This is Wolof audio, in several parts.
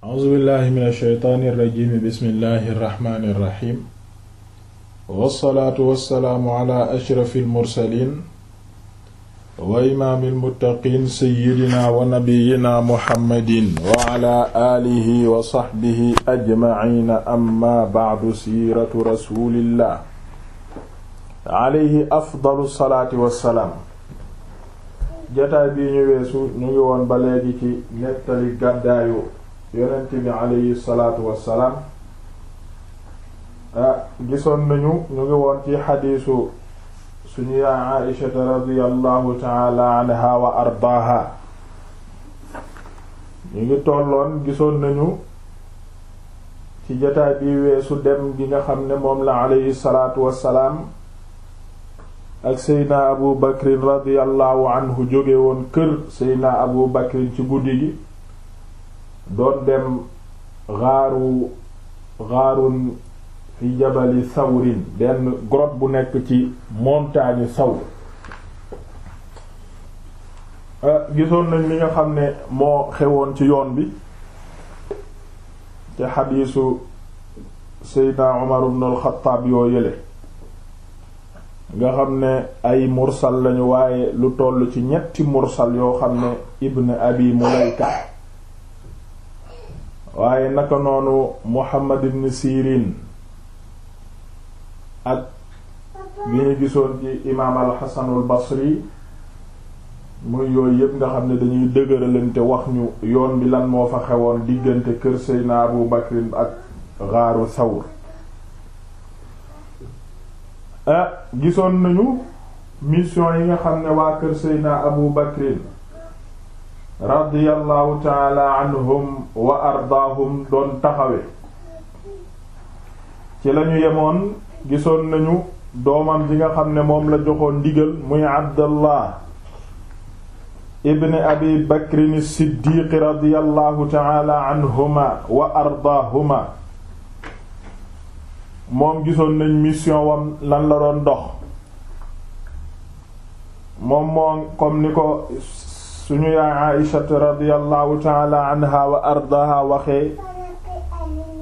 a'uuzu billahi min alsheytaani irrajimi bismillahi irrahmani irrahim wassalaatu wassalaamu ala ashrafi almursalin wa imaami almuttaqiin seyidina wa nabiyina muhammadin wa ala aalihi wa saxbihi ajmaciina amma bacdu siiratu rasulillah alayhi afdalu salaati wassalaam jataay bii ñu weesu ñu ngi woon ba léegi ci nettali gàddaayu yonent bi aleyhi salaatu wassalaam ah gisoon nañu ñu ngi woon ci xadiisu suñu yaay Aïshata radiyallahu taala anha wa ardaaha ñu ngi tolloon gisoon nañu ci jataay bi weesu dem gi nga xam ne moom la aleyhi salaatu salaam ak seydna abu bakrin radiyallahu anhu jóge woon kër seydna abu bakrin ci guddi gi doon dem xaaru xaarun fi jabali sawrin benn grotte bu nekk ci montagne sawr euh, gisoon nañ li nga xam ne moo xewoon ci yoon bi ci xadiisu Seydina Umar ibn al-Khattab yoo yële nga xam ne ay mursal lañu waaye lu toll ci ñetti mursal yoo xam ne Ibn Abi Mulayka waaye naka noonu Muhammad ibn Sirin ak bi ñu gisoon ci imaam al Basri muy yooyu yëpp nga xam ne dañuy dëgëralante wax ñu yoon bi lan moo fa xewoon diggante kër Seydina Abu Bakrin ak xaaru Sawr ah gisoon nañu mission yi nga xam ne waa kër Seydina Abu Bakrin radiyallahu taala wa ardaahum doon taxawe ci lañu yemoon gisoon nañu doomam ji nga xam ne moom la joxoon ndigal muy abdallah ibn abi bakrin siddiiq radiyallahu taala wa ardaahuma moom gisoon nañ mission wam lan la doon dox moom moom comme ni ko suñu yaay aïshata radiallahu taala anha wa ardaha waxee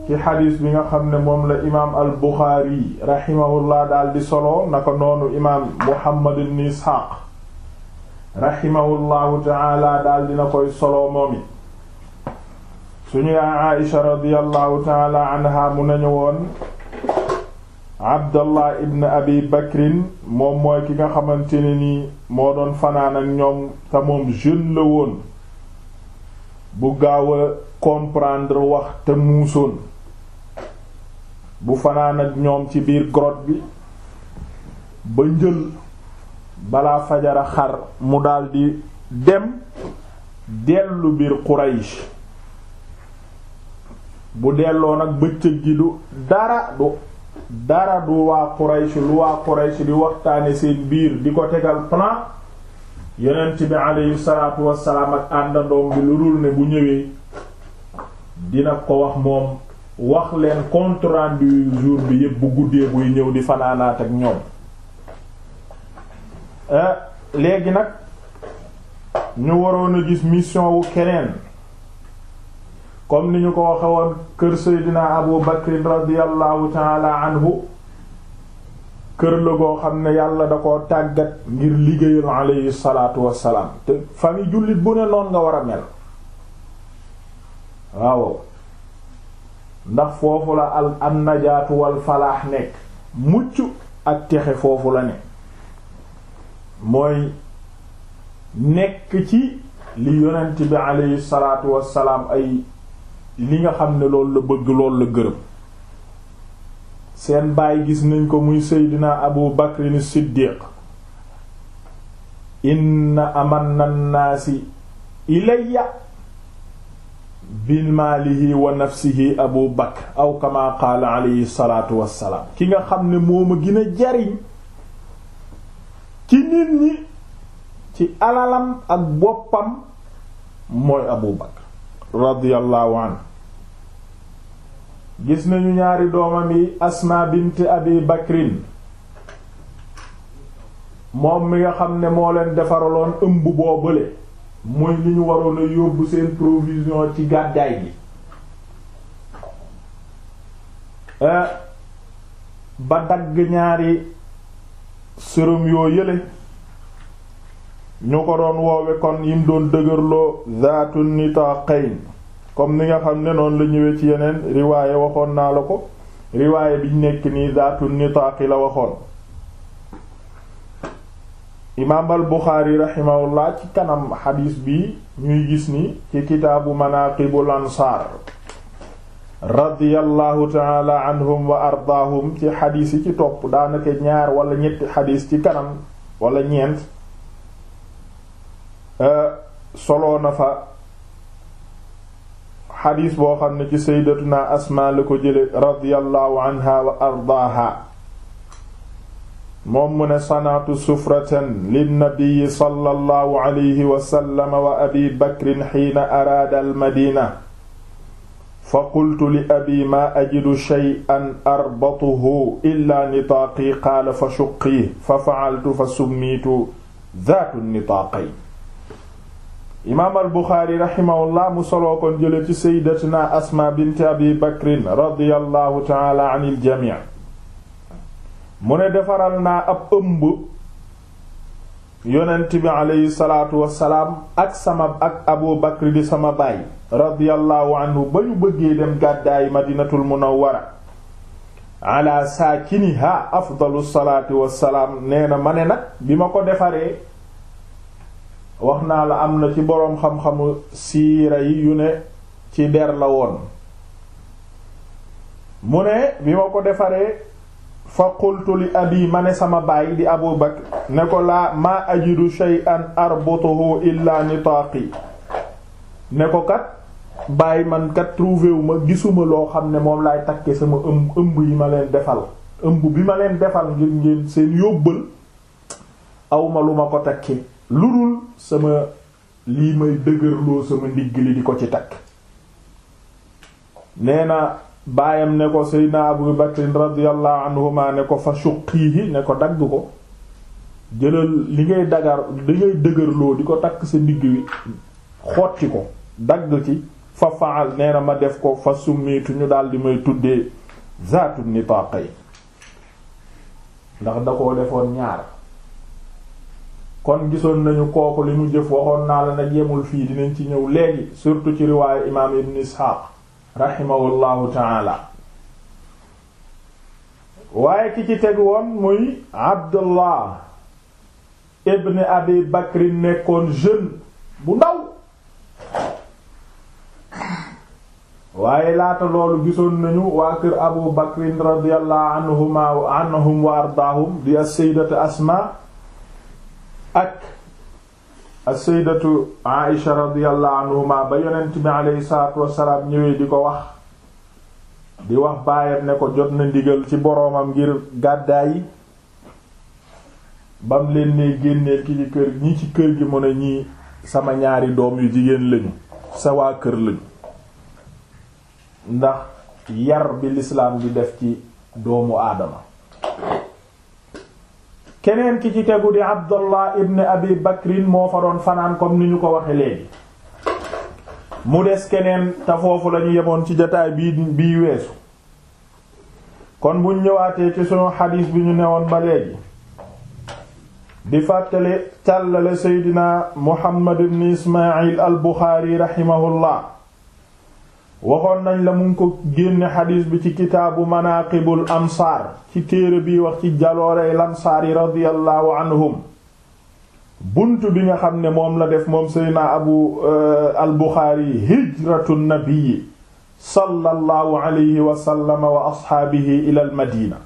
ci xadiis bi nga xam ne moom la imaam al buxaari raximahullah daal di solo naka noonu imaam muhammad ibn isxaaq raximahullahu taala daal dina koy solo moom it suñu yaay aïsha radiallahu taala anha mu nañu woon abdallah ibn abi bakrin moom mooy ki nga xamante ne nii moo doon fanaan ak ñoom te moom jeune la woon bu gaawa a comprendre wax te muusoon bu fanaan ak ñoom ci biir grotte bi ba njël balaa fajara xar mu daldi dem dellu biir Quraysh bu delloo nag bëccëg gi du dara du dara du waa Quraysh lu waa Quraysh di waxtaane seen biir di ko tegal plan yonent bi aleyhi salaatu wassalaam ak àndandoom bi lu dul ne bu ñëwee dina ko wax moom wax leen compte rendu jour bi yépp bu guddee buy ñëw di fanaanaat ak ñoom eh, léegi nag ñu waroon a gis mission wu keneen comme ni ñu ko waxe woon kër Seydina Abu Bakr radiyallahu taala anhu kër la goo xam ne yàlla da ko tàggat ngir liggéeyal alayhi salaatu wassalaam te fami jullit bu ne noon nga war a mel waaw ndax foofu la al an falaax nekk mucc ak texe foofu la ne mooy nekk ci li yonent bi alayhi salaatu wassalaam ay li nga xam ne loolu la bëgg lool la gërëm seen baay gis nañ ko muy seydina abu bakrin siddiq aman na naasi ilayya bil maalihi wa nafsihi abu bakr aw kama qaala alayhi salaatu wassalaam ki nga xam ne mooma gën a jariñ ci nit ñi ci alalam ak boppam mooy abu bakr radiyallahu anhu gis nañu ñaari doomam yi asma bint abi bakrin moom mi nga xam ne moo leen defaraloon ëmb boo bële muy li ñu waroon a yóbbu seen provision ci gàddaay gi euh, ba dagg ñaari sërëm yoo yële ñu ko doon woowe kon yim doon dëgërloo zaatu nitaqayn comme ni nga xam ne la ñëwee ci yeneen riwaaye waxoon naa la ko riwaaye biñ nekk nii zaatu nitaaqi la waxoon imaam al buxaari ci kanam xadiis bi ñuy gis ni ci kitaabu manaaqibul ansaar radiyallahu taala anhum wa ardaahum ci xadiis yi ci topp daanaka ñaar wala ñetti xadiis ci kanam wala ñeent eh, soloona fa xadiis boo xam ne ci sayyidatuna asmaa la ko jële radiyallahu anha wa ardaaha moom mu ne sanaatu sufratan linnabiyi sallallahu alayhi wasallam wa abi bakrin xiina araada almadina fa qultu li abi maa ajidu shay'an arbatuhu illa nitaaqi qaala fa shuqii fa fa'altu fa summiitu daatu nitaaqay imaam al buxaari raximahullah mu soloo ko jële ci sayyidatina asma bint abi bakrin radiyallahu taala an il jamii mu ne defaral naa ab ëmb yonent bi aleyhi salaatu wasalaam ak sama ak abu bakri di sama baay radiyallahu anhu ba ñu bëggee dem gàddaayi madinatul munawwara ala saakiniha afdalu salaati wasalaam nee na ma ne nag bi ma ko defaree wax naa la am na ci boroom xam-xamu siira yi yu ne ci der la woon mu ne bi ma ko defaree fa qultu li abi ma ne sama baay di abu bakr ne ko laa maa ajidu shay'an arbutuhu illa nitaaqi ne ko kat bàyyi man kat trouvé wu ma gisuma loo xam ne moom laay takke sama ëmb ëmb yi ma leen defal ëmb bi ma leen defal ngir ngeen seen yóbbal awma lu ma ko takke lu dul sama lii may dëgërloo sama ndigg li di ko ci takk nee na baayam ne ko seydna abu bakrin radiyallahu anhuma ne ko fa suqiihi ne ko dagg ko jëlal li ngay dagar li ngay dëgërloo di ko takk sa ndigg xotti ko dagg ci fa faal nee ma def ko fa summiitu ñu dal di may tuddee zaatu nitaqay ndax da koo defoon ñaar kon gisoon nañu kooku li mu jëf waxoon naa la nag yemul fii dinañ ci ñëw léegi surtout ci riwaayu imaam ibn isxaaq rahimahullahu taala waaye ki ci teg woon muy abdullah ibn abi bakri nekkoon jeune bu ndaw waaye laata loolu gisoon nañu waa kër abu bakrin radiyallahu anhuma anhum wa ardaahum di as-sayyidatu asma ak as-sayyidatu Aisha radiyallahu anhuma ba yonent bi alayhi salaatu wassalaam di ko wax di wax baayam ne ko jot na ndigal ci boroomam ngir gàddaay bam leen ne génneel ki ci kër ñi ci kër gi mu ne ñii sama ñaari doom yu jigéen lañu sa waa kër lañu ndax yar bi lislaam di def ci doomu aadama keneen ki ci tegu di abdullah ibn abi bakrin moo fa doon fanaan comme ni ñu ko waxe léegi mu des keneen te lañu yemoon ci jataay bii bii weesu kon buñ ñëwaatee ci suñu xadiis bi ñu newoon ba léegi di fàttale càllale seydina muhammad ibn ismail al buxaari rahimahullah waxoon nañ la mu ngi ko génne xadiis bi ci kitaabu manaqibul ansaar ci téere bi wax ci jaloorey lansaar yi radiyallahu anhum bunt bi nga xam ne moom la def moom seydna abu euh, albuxaari hijratu nabii sallallahu alayhi wa sallam wa asxaabihi ila al madina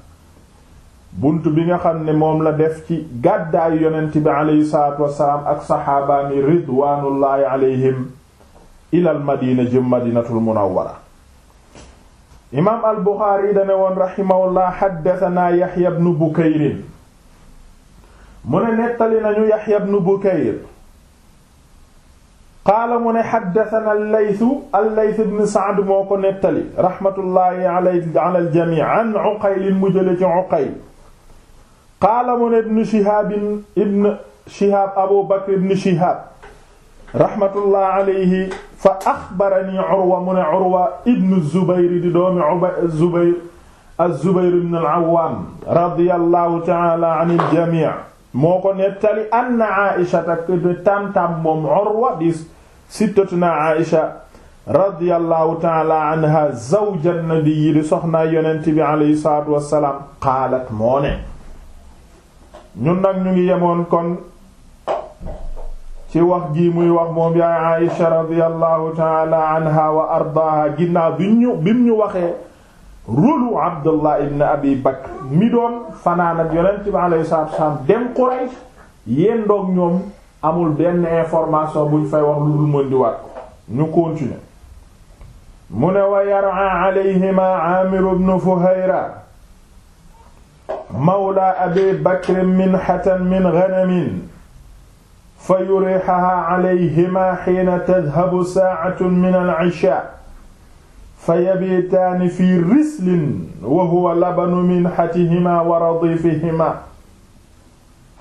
bunt bi nga xam ne moom la def ci gàddaayu yonent bi aleyhi salaatu wasalaam ak saxaabaami ridwaanullaahi alayhim ilal madina jëm madinatul munawwara imaam al buxaari dane woon raximahullah xaddasanaa yaxya bnu bukayrin mu ne nettali nañu yaxya bnu bukayr qaala mu ne xaddasanaa allaysu allaysu bnu saad moo ko nettali raxmatullaahi ala aljamii an uqaylin mu jële ci uqayl qaala mu ne ibnu shihaab ibnu shihaab abu bakr ibnu shihaab rahmatullah alayhi fa axbarani Urwa mu ne Urwa ibnu Zubayr di doomi al-Awwam radiyallahu ta'ala an al-jami' moo ko nettali anna Aisha tak tamtam moom Urwa di sittatuna Aisha radiyallahu ta'ala anha zawja an di soxna yonent bi alayhi salaatu wassalaam qaalat moo ne ñun nag kon ci wax ji muy wax moom yaay Aïsha radiyallahu taala anha wa ardaaha ginnaaw bi ñu ñu waxee rulu Abdullah ibn Abi Bakr mi doon fanaan yonent bi alayhi salaatu wassalaam dem Quraysh yéen doog ñoom amul benn information buñ fay wax lu dul mën di waat ñu continuer mu ne wa yar'a alayhima Aamir ibn Fuhayra mawla Abi Bakr minhatan min ghanamin fa yurixaha calayhima xiina tadhabu saacatu min alcishaa fa yabiitaani fi rislin wa huwa labanu minxatihima wa radiifihima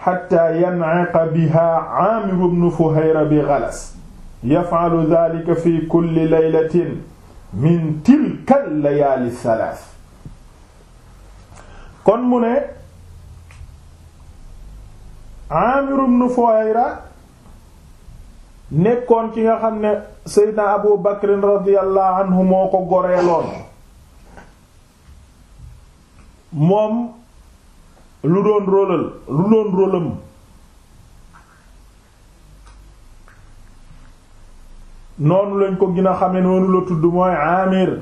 xataa yanceqa biha caamiru bnu fuhayra bi galas yafcalu daalika fi kulli laylatin min tilka layaali salaas kon mu ne caamiru bnu fuhayra nekkoon ki nga xam ne seydna abu bakrin radiyallahu moo ko goreeloon moom lu doon rólal noonu lañ ko gën a xame noonu la tudd mooy amir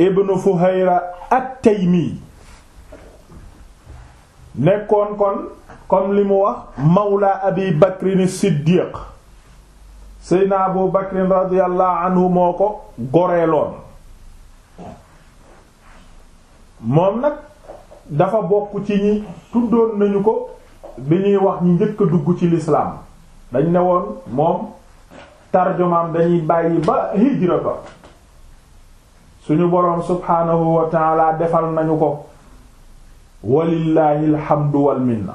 ibnu ak at-taymi nekkoon kon comme li mu wax mawla abi bakrin siddiq seydna abu bakrin radiallahu moo ko goreeloon moom nag dafa bokk ci ñi tuddoon nañu ko bi ñuy wax ñi njëkk a dugg ci lislaam dañ ne woon moom tarjumaam dañuy bàyyi ba hijra ba suñu boroom subhaanahu wa defal nañu ko walillahi alhamdu wal minna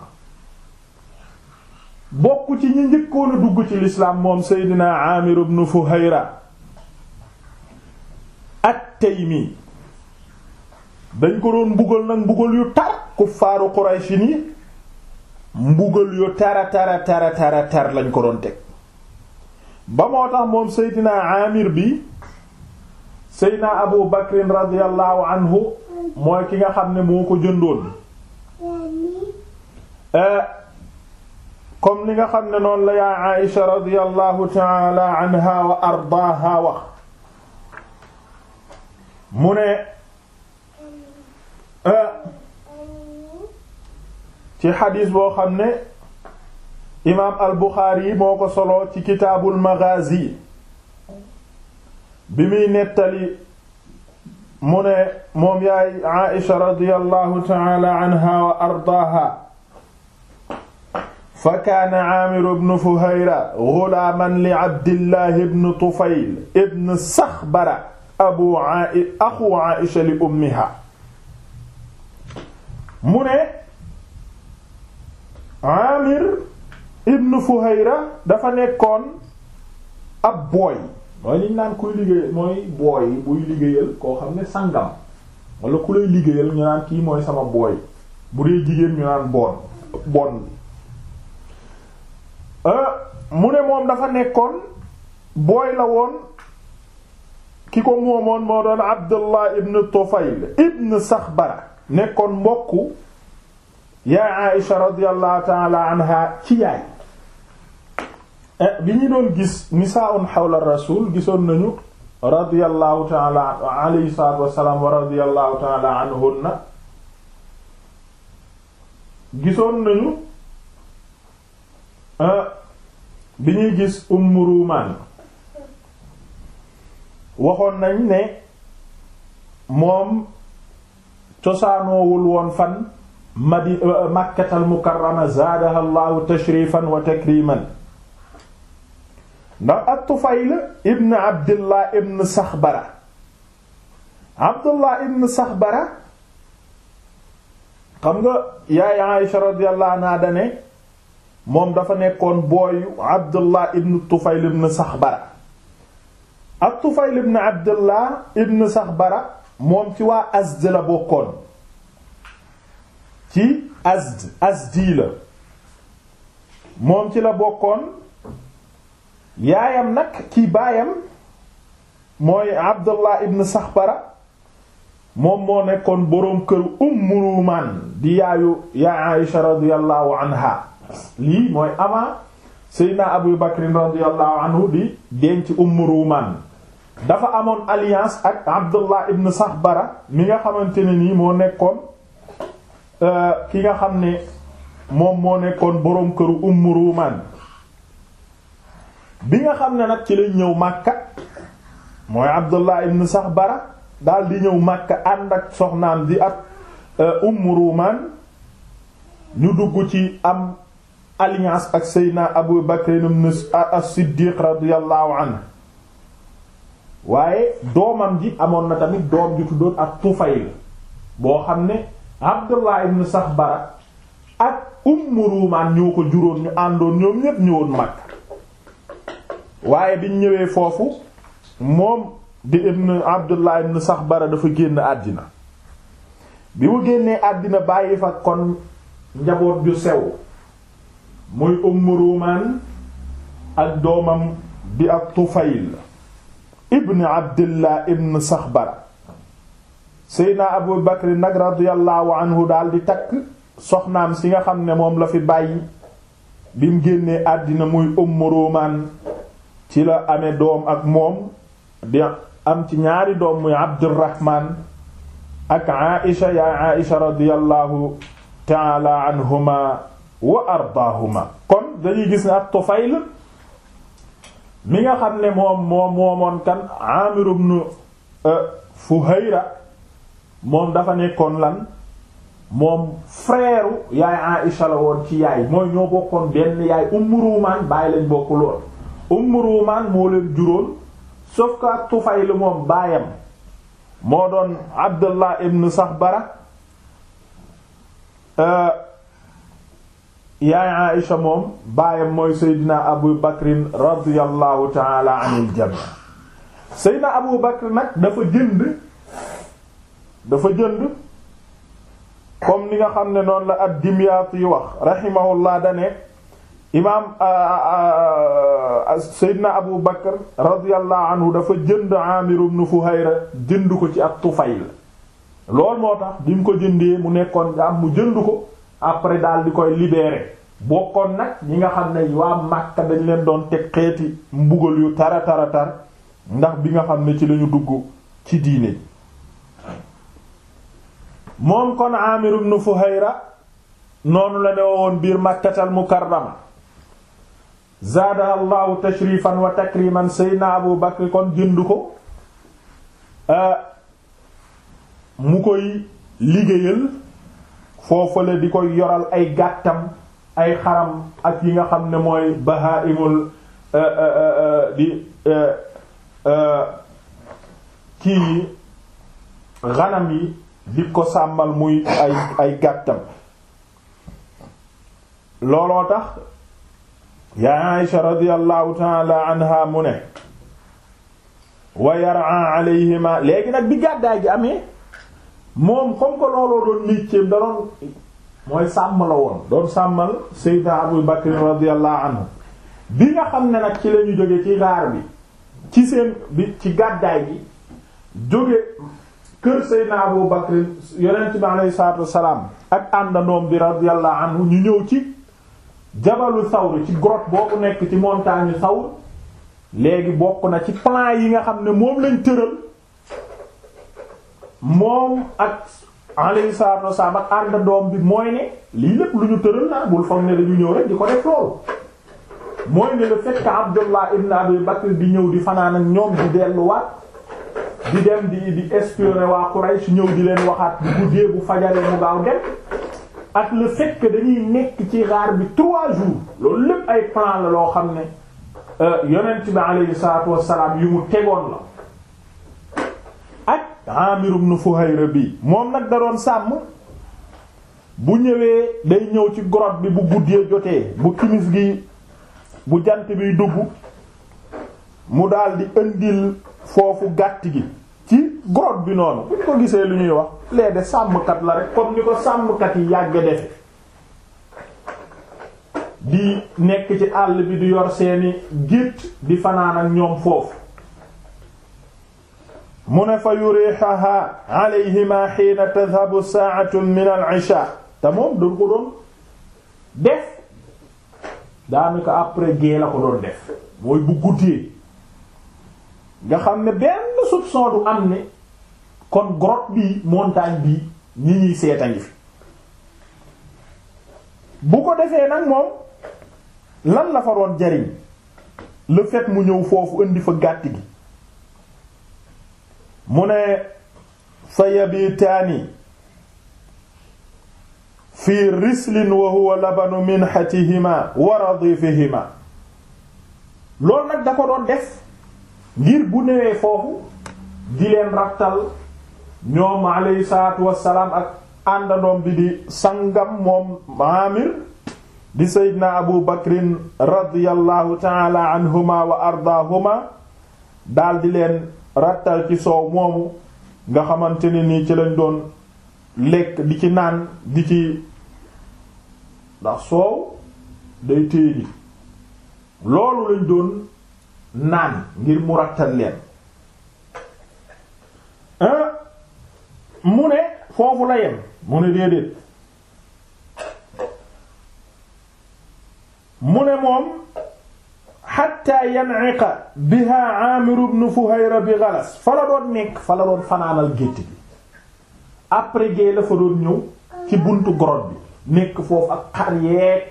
bokk ci ñi njëkkoon dugg ci lislaam moom seydina Aamir ibn Fuhayra at-Taymi dañ ko doon mbugal nag mbugal yu tar kuffaaru Quraysh ni mbugal yu tara tara tara tara tar lañ ko doon teg ba moo tax moom seydina Aamir bi seydina Abu Bakrin radiyallahu anhu mooy ki nga xam ne moo ko jëndoon Euh, comme li nga xam ne noonu la yaa Aïsha radiyallahu taala anha wa ardaaha wax mu ne euh, ci xadiis boo xam ne imaam al Buxaari moo ko soloo ci kitaabul Maghaazi bi muy nettali mu ne moom yaay Aïsha radiyallahu taala anha wa ardaaha fa kaana aamiru bnu fuhayra gulaaman li abdillahi bnu tufayl ibn saxbara abu axu aisha li ummiha mu ne aamir ibn fuhayra dafa nekkoon ab booy mooy liñ naan kuy liggéeyal mooy booy buy liggéeyal koo xam ne sangam wala ku lay liggéeyal ñu naan kii mooy sama booy bu dee jigéen ñu naan bon bon Euh, mu ne moom dafa nekkoon booy la woon ki ko moomoon moo doon Abdullah ibn Tufayl ibn Saxbara nekkoon mbokku yaay Aïsha radiyallahu ta'ala anha ci yaay eh, bi ñu doon gis nisaa'un hawla rasul gisoon nañu radiyallahu ta'ala alayhi salaatu wassalaam wa ta'ala anhunna gisoon nañu Ah, bi ñuy gis Umm Ruumaan waxoon nañ ne moom cosaanoowul woon fan madi euh, Makkatal Mukarrama zaadaha Allahu tashrifan wa takriman ndax at-Tufayl ibn Abdullah ibn Saxbara Abdullah ibn Saxbara xam nga yaay Aisha radiyallahu anha dane moom dafa nekkoon booyu abdullah ibn tufayl ibn saxbara ak tufayl ibn abdullah ibn saxbara moom ci waa asd la bokkoon ci asd asdi la moom ci la bokkoon yaayam nag ki baayam mooy abdullah ibn saxbara moom moo nekkoon boroom kër ummu ruumaan di yaayu yaa aisha radiyallahu anha lii mooy avant Seydina Abu Bakr radiyallahu anhu di denc Umm Ruumaan dafa amoon alliance ak Abdullah sax Sahbara mi nga xamante ne nii moo nekkoon euh, ki nga xam ne moom moo nekkoon boroom këru Umm Ruumaan bi nga xam ne nag ci lañ ñëw Makka mooy Abdullah ibn Sahbara daal di ñëw Makka ànd ak soxnaam di ak euh, Umm Ruumaan ñu dugg ci am alliance ak seydna abu bakr ibn as-siddiq radiyallahu anhu waaye doomam ji amoon na tamit doom ju tuddoon ak tufayl boo xam ne abdullah ibn saxbara ak ummu ruumaan ñoo ko juróon ñu àndoon ñoom ñépp ñëwoon mag waaye biñ ñëwee foofu moom di ibn abdullah ibn saxbara dafa génn àddina bi mu génnee àddina bàyyi fa kon njaboot ju sew muy Umm Ruumaan ak doomam di ak Tufayl ibn Abdillah ibn Saxbar Seydina Abu Bakr nag radiyallahu daal di takk soxnaam si nga xam ne moom la fi bàyyi bi mu génnee àddina muy Umm Ruumaan ci la amee doom ak moom di am ci ñaari doom muy Abdurrahmaan ak Aïsha yaa Aïsha radiyallahu ta'ala anhuma wa ardaahuma kon dañuy gis ne ak Tufayl mi nga xam ne moom moom moomoon kan Aamir ibn euh, Fuhayra moom dafa nekkoon lan moom frère yaay Aïcha la woon ci yaay mooy ñoo bokkoon benn yaay Ummu Ruumaan bàyyi lañ bokk lool Ummu Ruumaan moo leen juróon sauf que ak Tufayl moom baayam moo doon Abdallah ibn Saxbara euh, yaay Aïcha moom baayam mooy Seydina Abu Bakrin radiyallahu taala anil jami Seydina Abu Bakr nag dafa jënd dafa jënd comme ni nga xam ne noonu la ad dimyaat yi wax rahimahullah dane imaam Seydina Abu Bakr radiyallahu anhu dafa jënd Aamir ibn Fuhayra jënd ko ci at Tufayl loolu moo tax bi mu ko jëndee mu nekkoon nga am mu jënd ko après daal di koy libeere bokkoon nag ñi nga xam ne waa Makka dañ leen doon teg xeeti mbugal yu tara tara tar ndax bi nga xam ne ci lañu dugg ci diine ji moom kon Amir ibn Fuhayra noonu la ne woon biir Makkatal Mukarrama zaadaha Allahu tashrifan wa takriman Seydina Abu Bakr kon jënd ko euh, mu koy liggéeyal foofale di koy yoral ay gàttam ay xaram ak yi nga xam ne mooy bahaimul euh, euh, euh, di kii yi xanam yi di ko sàmmal muy ay gàttam looloo tax yaa Aysha radiyallahu taala mu ne wa yara alayhima léegi nag bi gàddaay gi amee moom comme que looloo doon métiem da mooy sàmm la woon doon sàmmal Seydina Abu Bakr radiyallahu anhu bi nga xam ne nag ci lañu jóge ci gaar bi ci seen bi ci gàddaay gi jóge kër Seydina Abu Bakr yonent bi alayhi salaatu ak àndandoom bi radiyallahu anhu ñu ñëw ci jabalu Sawr ci grotte boobu nekk ci montagne Sawr léegi bokk na ci plan yi nga xam ne moom lañ tëral moom ak alayhi salaatu wasalaam ak ànd doom bi mooy ne lii lépp lu ñu tëral naa bul foog ne dañu ñëw rek di ko def loolu mooy ne le fait que Abdullah ibn Abi Bakr di ñëw di fanaan ak ñoom di delluwaat di dem di di espionner waa Quraysh ñëw di leen waxaat bu guddee bu fajaree mu gaaw dem ak le fait dañuy nekk ci xaar bi trois jours loolu lépp ay plan la loo xam ne euh, yonent bi alayhi salaatu wasalaam yu mu tegoon la Amir ibn Fuhayra bi moom nag da sàmm bu ñëwee day ñëw ci grotte bi bu guddee jotee bu timis gi bu jant biy dugg mu daldi indil foofu gàtt gi ci grotte bi noonu buñ ko gisee lu ñuy wax lee de sàmmkat la rek comme ni ko sàmmkat yi yàgg defe di nekk ci àll bi di yor seeni gétt di fanaan ak ñoom foofu mu ne fa yurihaha alayhima xiina tadhabu saa'atun min al-isha te moom du ko doon def daanaka après gée la ko doon def mooy bu guddee nga xam ne benn soupçon am ne kon grotte bi montagne bi ñi ñuy seeta ngi fi bu ko defee nag moom lan la fa doon jariñ le fait mu ñëw foofu indi fa gàtt gi mu ne fa yabitaani fi rislin wa huwa labanu minhatihima wa radifihima loolu nag da ko doon def ngir bu newee foofu di leen rattal ñoom alayhi salaatu wassalaam ak àndandoom bi di sangam moom Aamir di seydna Abu Bakrin radiyallahu taala anhuma wa ardaahuma daal di leen rattal ci soow moomu nga xamante ne nii ci lañ doon lekk di ci naan di ci ndax soow day téye ni loolu lañ doon naan ngir mu rattal leen mu ne foofu la yem mu ne déedéet mu ne moom xatta yan'iqa biha Aamir ibn Fuhayra bi Galas fa la doon nekk fa la doon fanaanal gétt bi après géey la fa doon ñëw ci buntu grotte bi nekk foofu ak xar yeeg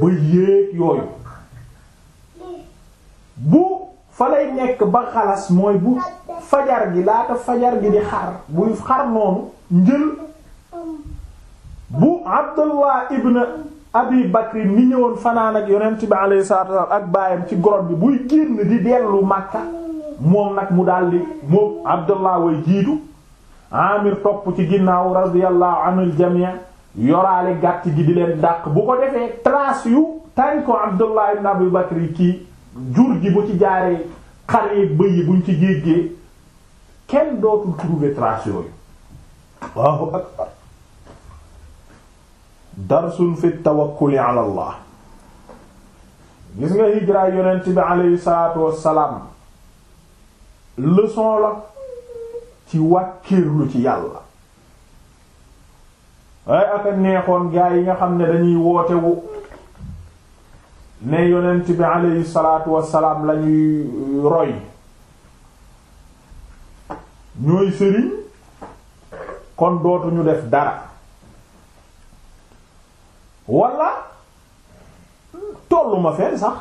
ba yéeg yooyu bu fa lay nekk ba Galas mooy bu fajar gi laata fajar gi di xar buy xar noonu njël bu Abdullah ibn abi bakri mi ñëwoon fanaan ak yonent bi alayhi salaatu wa salaam ak baayam ci grotte bi buy génn di dellu Makka moom nag mu daldi moom Abdullah way jiitu Amir topp ci ginnaaw radiyallahu anil jamii yoraale gàtt gi di leen dàq bu ko defee trace yu tariku Abdullah ibn Abi Bakr kii jur gi bu ci jaaree xar yeeg bëy yi buñ ci jéggee kenn dootul trouver trace yooyu waaw akbar darsun fi tawakkuli ala allah gis nga hijra yonent bi aleyhi salaatu wassalaam leçon la ci wàkkirlu ci yàlla waaye aka neexoon gaa yi nga xam ne dañuy wootewu ne yonent bi aleyhi salaatu wassalaam lañuy roy ñooy sëriñ kon dootuñu def dara wala tollu ma fenn sax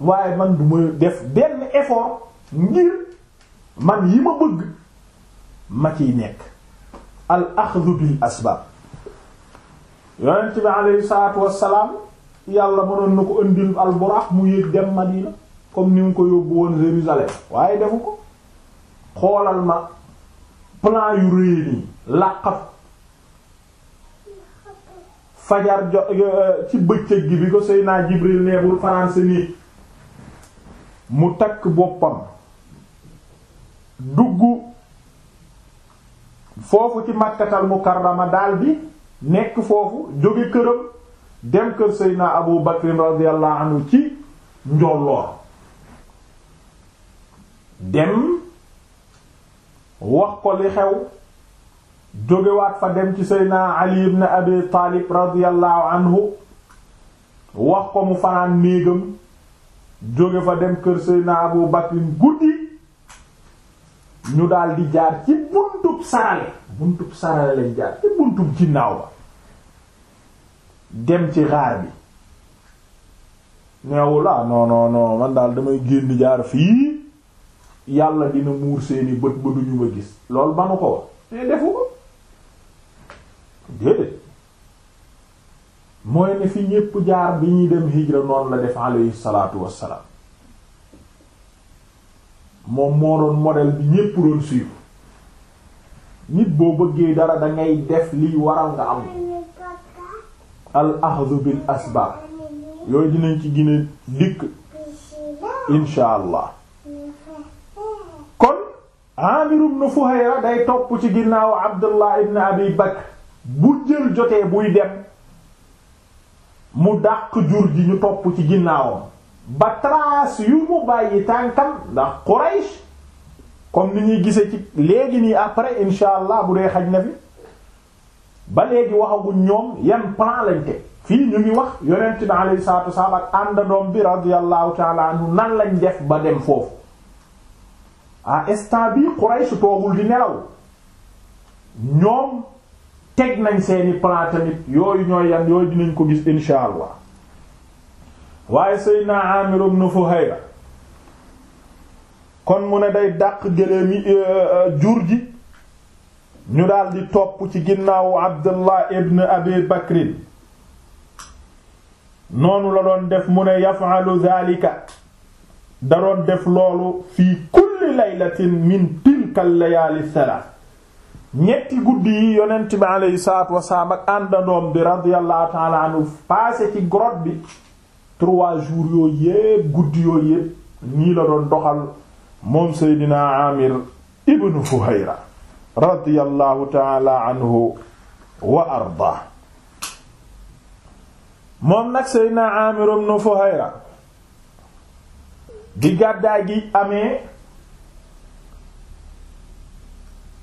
waaye man du ma def benn effort ngir man yi ma bëgg ma ciy nekk al axdu bil asbaab yonent bi alayhi salaatu wassalaam yàlla mënoon na ko indil al mu yéeg dem Madina comme ni ko yóbbu woon Jérusalem waaye defu ko xoolal ma plan yu réer làqat fajar jo euh, ci bëccëg gi bi ko Seydina Jibril nee bul fanaan mu takk boppam dugg foofu ci Makkatal Mukarrama daldi nekk foofu jóge këram dem kër Seydina Abu Bakr radiyallahu anhu ci njolloor dem wax ko li xew jógewaat fa dem ci seydna ali ibn abi taalib radiyallahu anhu wax ko mu fanaan néegam jóge fa dem kër seydna abu bakrin guddi ñu daal jaar ci buntub sarale buntub sarale lañ jaar ci buntub ginnaaw ba dem ci xaar bi neewu la non non man daal damay génn jaar fii yàlla dina muur seeni bët ba duñu ma gis loolu ba nu ko wax déedéet mooy ne fi ñépp jaar bi ñuy dem hijra noonu la def alayhi salaatu wassalaam moom moo doon modèle bi ñépp doon suivre nit boo bëggee dara dangay def liy waral nga am al axdu bil asbaab yooyu dinañ ci gine dikk insha allah kon Aamir ibn Fuhayra day topp ci ginnaaw Abdullah ibn Abi Bakr bu jël jotee buy dem mu dàq jur ji ñu topp ci ginnaawam ba trace yu mu bàyyi tànkam ndax Quraysh comme ni ñuy gisee ci léegi nii après insha allah bu dee xaj na fi ba léegi waxaguñ ñoom yan plan fii ñu ngi wax yonent bi alayhi salaatu wasalaam ak àndandoom bi radiyallahu taala nan lañ def ba dem foofu à instant bi Quraysh toogul di nelaw ñoom teg nañ seeni plan tamit yooyu ñooy yan yooyu dinañ ko gis insha allah waaye Seydina Amir ibn Fuhayra kon mu ne day dàq gëléem yi euh, euh, jur ji ñu daldi topp ci ginnaawu Abdullah ibn Abi Bakrin noonu la doon def mu ne yaf'alu dhalika da doon def loolu fii kulli laylatin min tilka al-layali ñetti guddi yi yonent bi alayhi salaatu wasalaam ak àndandoom bi radiyallahu taala anhu passé ci grotte bi trois jours yooyu yépp guddi yooyu yépp nii la doon doxal moom Seydina Amir ibnu Fuhayra radiyallahu taala anhu wa arda moom nag Seydina Amir ibnu Fuhayra di gàddaay gi amee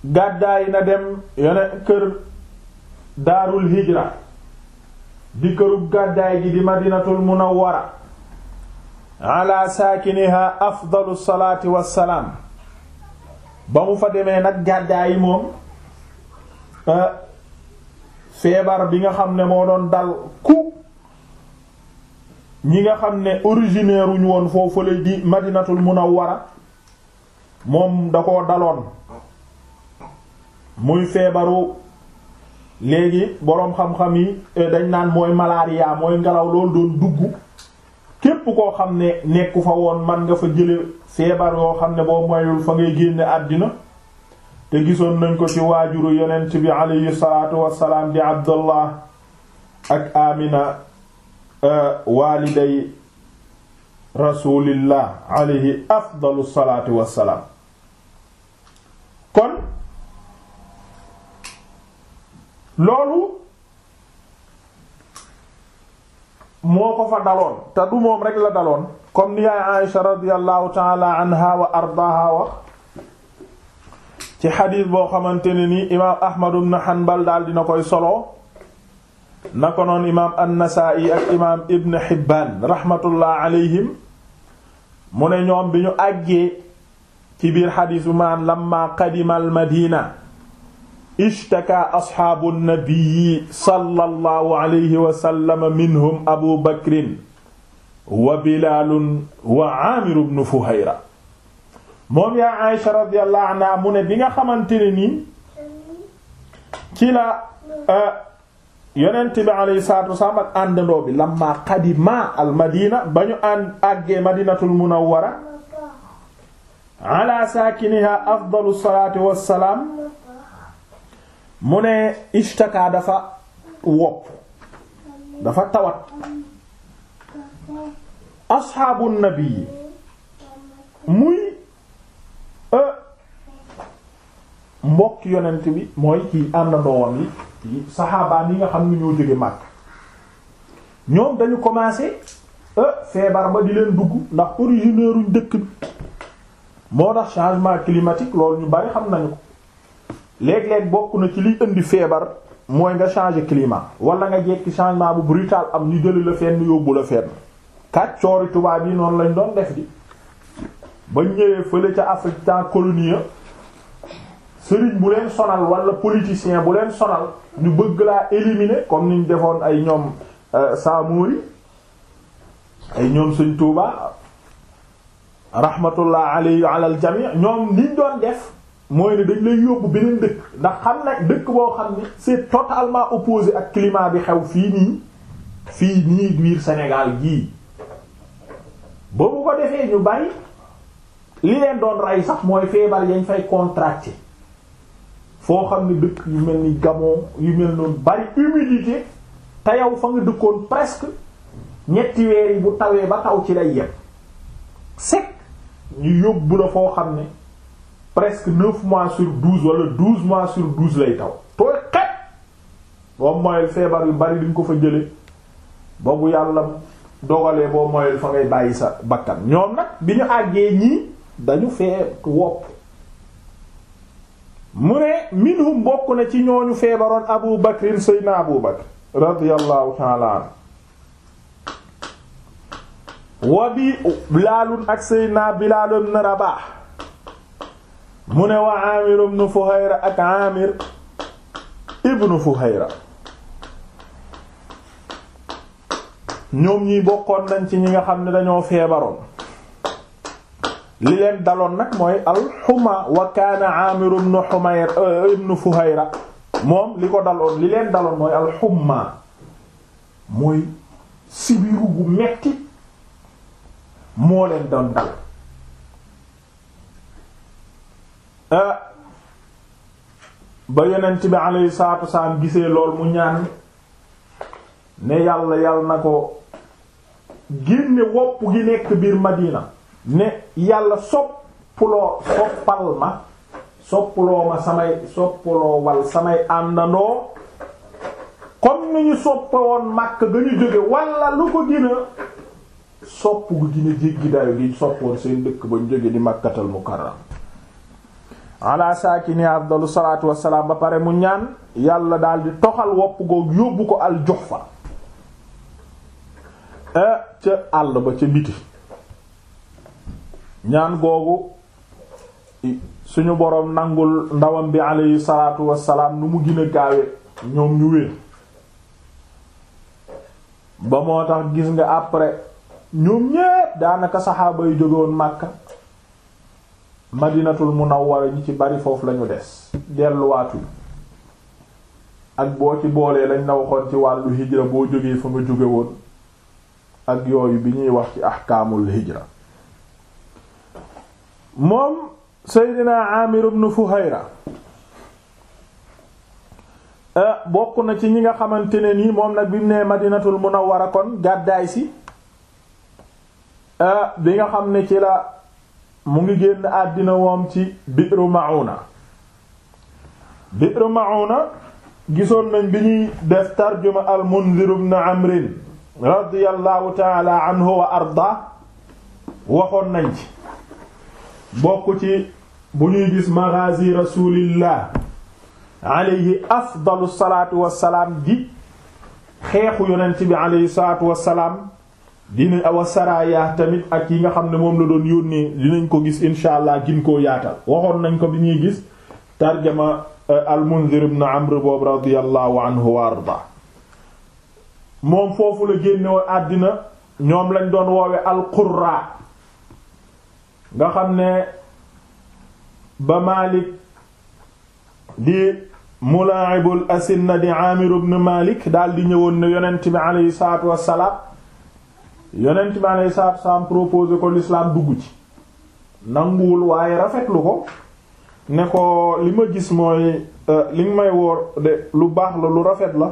gàddaay na dem yone kër daarul hijra di këru gàddaay gi di madinatul munawwara ala saakiniha afdalu salaati wassalaam ba mu fa demee nag gàddaay yi moom euh, feebar bi nga xam ne moo doon dal ku ñi nga xam ne originaire wuñ woon foofu la di madinatul munawwara moom da ko daloon muy feebaru léegi boroom xam-xam yi eh, dañ naan mooy malaria mooy ngelaw loolu doon dugg képp koo xam ne nekku fa woon man nga fa jële feebar yoo xam ne boo mayul fa ngay génne àddina te gisoon nañ ko ci waajuru yonent bi alayhi salaatu wassalaam di abdallah ak amina eh, waaliday rasulillah alayhi afdalu salaatu wassalaam kon loolu moo ko fa daloon te du moom rek la daloon comme ni yaay Aïsha radiyallahu taala anha wa ardaha wax ci xadiis boo xamante ne ni imaam Ahmad ibn Hanbal daal dina koy solo na ko noon imaam an ak imaam Ibn Hibbaan rahmatullah alayhim mu ne ñoom bi ñu àggee ci biir xadiis bu madina ishtaka asxaabu nabii sallallahu alayhi wa sallam minhum abu bakrin wa bilaalun wa aamiru bnu fuhayra moom yaa Aïsha radiyallahu anha mu ne bi nga xamante ne nii ci la euh, yonent bi alayhi salaatu wasalaam ak àndandoo bi lamma qadima al madina ba ñu ànd àggee madinatul munawwara ala saakiniha afdalu salaatu wassalaam mu ne ishtaka dafa wopp dafa tawat asxaabu nabi muy e, mbokk yonent bi mooy kii àndandoo woon yi saxaabaan yi nga xam ni ñoo jóge Makka ñoom dañu commencé e, feebar ba di leen dugg ndax originaire uñ dëkk bi moo tax changement climatique loolu ñu bàyyi xam nañu ko léeg-léeg bokk na ci li indi feebar mooy nga changer climat wala nga jekki changement bu brutal am ñu jëli la fenn yóbbu la fenn kàccoori tubaab yi noonu lañ doon def di ba ñëwee fële ca Afrique temps colonie sëriñ bu leen sonal wala politicien bu leen sonal ñu bëgg laa éliminer ni niñ defoon ay ñoom euh, Samori ay ñoom Sëriñ Tuubaa rahmatullah alayhi alal jami ñoom niñ doon def mooy ne dañ lay yóbbu beneen dëkk ndax xam na dëkk boo xam ne c'est totalement opposé ak climat bi xew fii nii fii nii biir Sénégal gii boobu ko defee ñu bari li leen doon rey sax mooy feebar yañ fay contracté foo xam ne dëkk yu mel ni Gabon yu mel noonu bari humidité te yow fa nga dëkkoon presque ñetti weer yi bu tawee ba taw ci lay yem sec ñu yóbbu la foo xam ne presque neuf mois sur douze wala douze mois sur douze lay taw tooy xet boobu mooy feebar yu bari duñ ko fa jële boobu yàlla dogalee boo mooy fa ngay bàyyi sa bakkan ñoom nag bi ñu àggee ñii dañu fee wopp mu ne minhum bokk na ci ñooñu feebaroon abu bakrin seydna abu bakr radiallahu taala an wa bi bilaalun ak seydna bilaalun rabaax mu ne wa Aamir ibn Fuhayra ak Aamir ibn Fuhayra ñoom ñi bokkoon nañ ci ñi nga xam ne dañoo feebaroon li leen daloon nag mooy alxuma wa kaana Aamir ibn Humayr euh, ibn Fuhayra moom li ko daloon li leen daloon mooy alxuma mooy sibiru gu metti moo leen doon dal ba yonent bi alayhi salaatu wasalaam gisee lool mu ñaan ne yàlla yàlla na ko génne wopp gi nekk biir Madina ne yàlla soppuloo soppal ma soppuloo ma samay soppuloo wal samay àndandoo comme ni ñu soppewoon màkk ga ñu jóge wala lu ko gën sopp gu gën a jéggi dayo gi soppoon seen dëkk ba ñu jóge di Makkatal Mukarram ala saakini afdalu salaatu wassalaam ba pare mu ñaan yàlla daal di toxal wopp googu yóbbu ko al Juhfa eh, ca àll ba ca biti ñaan googu suñu boroom nangul ndawam bi alayhi salaatu wassalaam nu mu gën a ñoom ñu wér ba moo tax gis nga après ñoom ñépp daanaka saxaaba yu jógewoon màkk madinatul munawwara ñi ci bari foofu lañu des delluwaatuñ ak boo ci boolee lañ la waxoon ci wàllu hijra boo jógee fa nga jóge woon ak yooyu bi ñuy wax ci ahkaamul hijra moom seydina amir ibn fuhayra eh, bokk na ci ñi nga xamante ne nii moom nag bi mu nee madinatul munawwara kon gàddaay si eh, bi nga xam ne ci la mu ngi génn àddina woom ci Bi'ru Ma'una Bi'ru Ma'una gisoon nañ bi ñuy def tarjuma al-Mundhir ibn Amr radiyallahu ta'ala waxoon nañ ci bokk ci bu ñuy gis maghazi rasulillah alayhi afdalu salaatu wassalaam di xeexu yonent bi alayhi salaatu wassalaam dina awa tamit ak yi nga xam ne moom la doon yónnee dinañ ko gis insha allah gin koo yaatal waxoon nañ ko bi ñuy gis tarjama euh, al Munzir ibn Amr boobu anhu wa arda moom foofu la génne woon àddina ñoom lañ doon woowe al qurra nga xam ne ba Maalik di mulaa'ibul asinna di Aamir ibn Maalik daal di ñëwoon ne yonent bi aleyhi salaatu wassalaam yonent bi alei salaatu salaam proposé ko l'islam dugg ci nanguwul waaye rafetlu ko ne ko li ma gis mooy euh, li may woor de lu baax la lu rafet la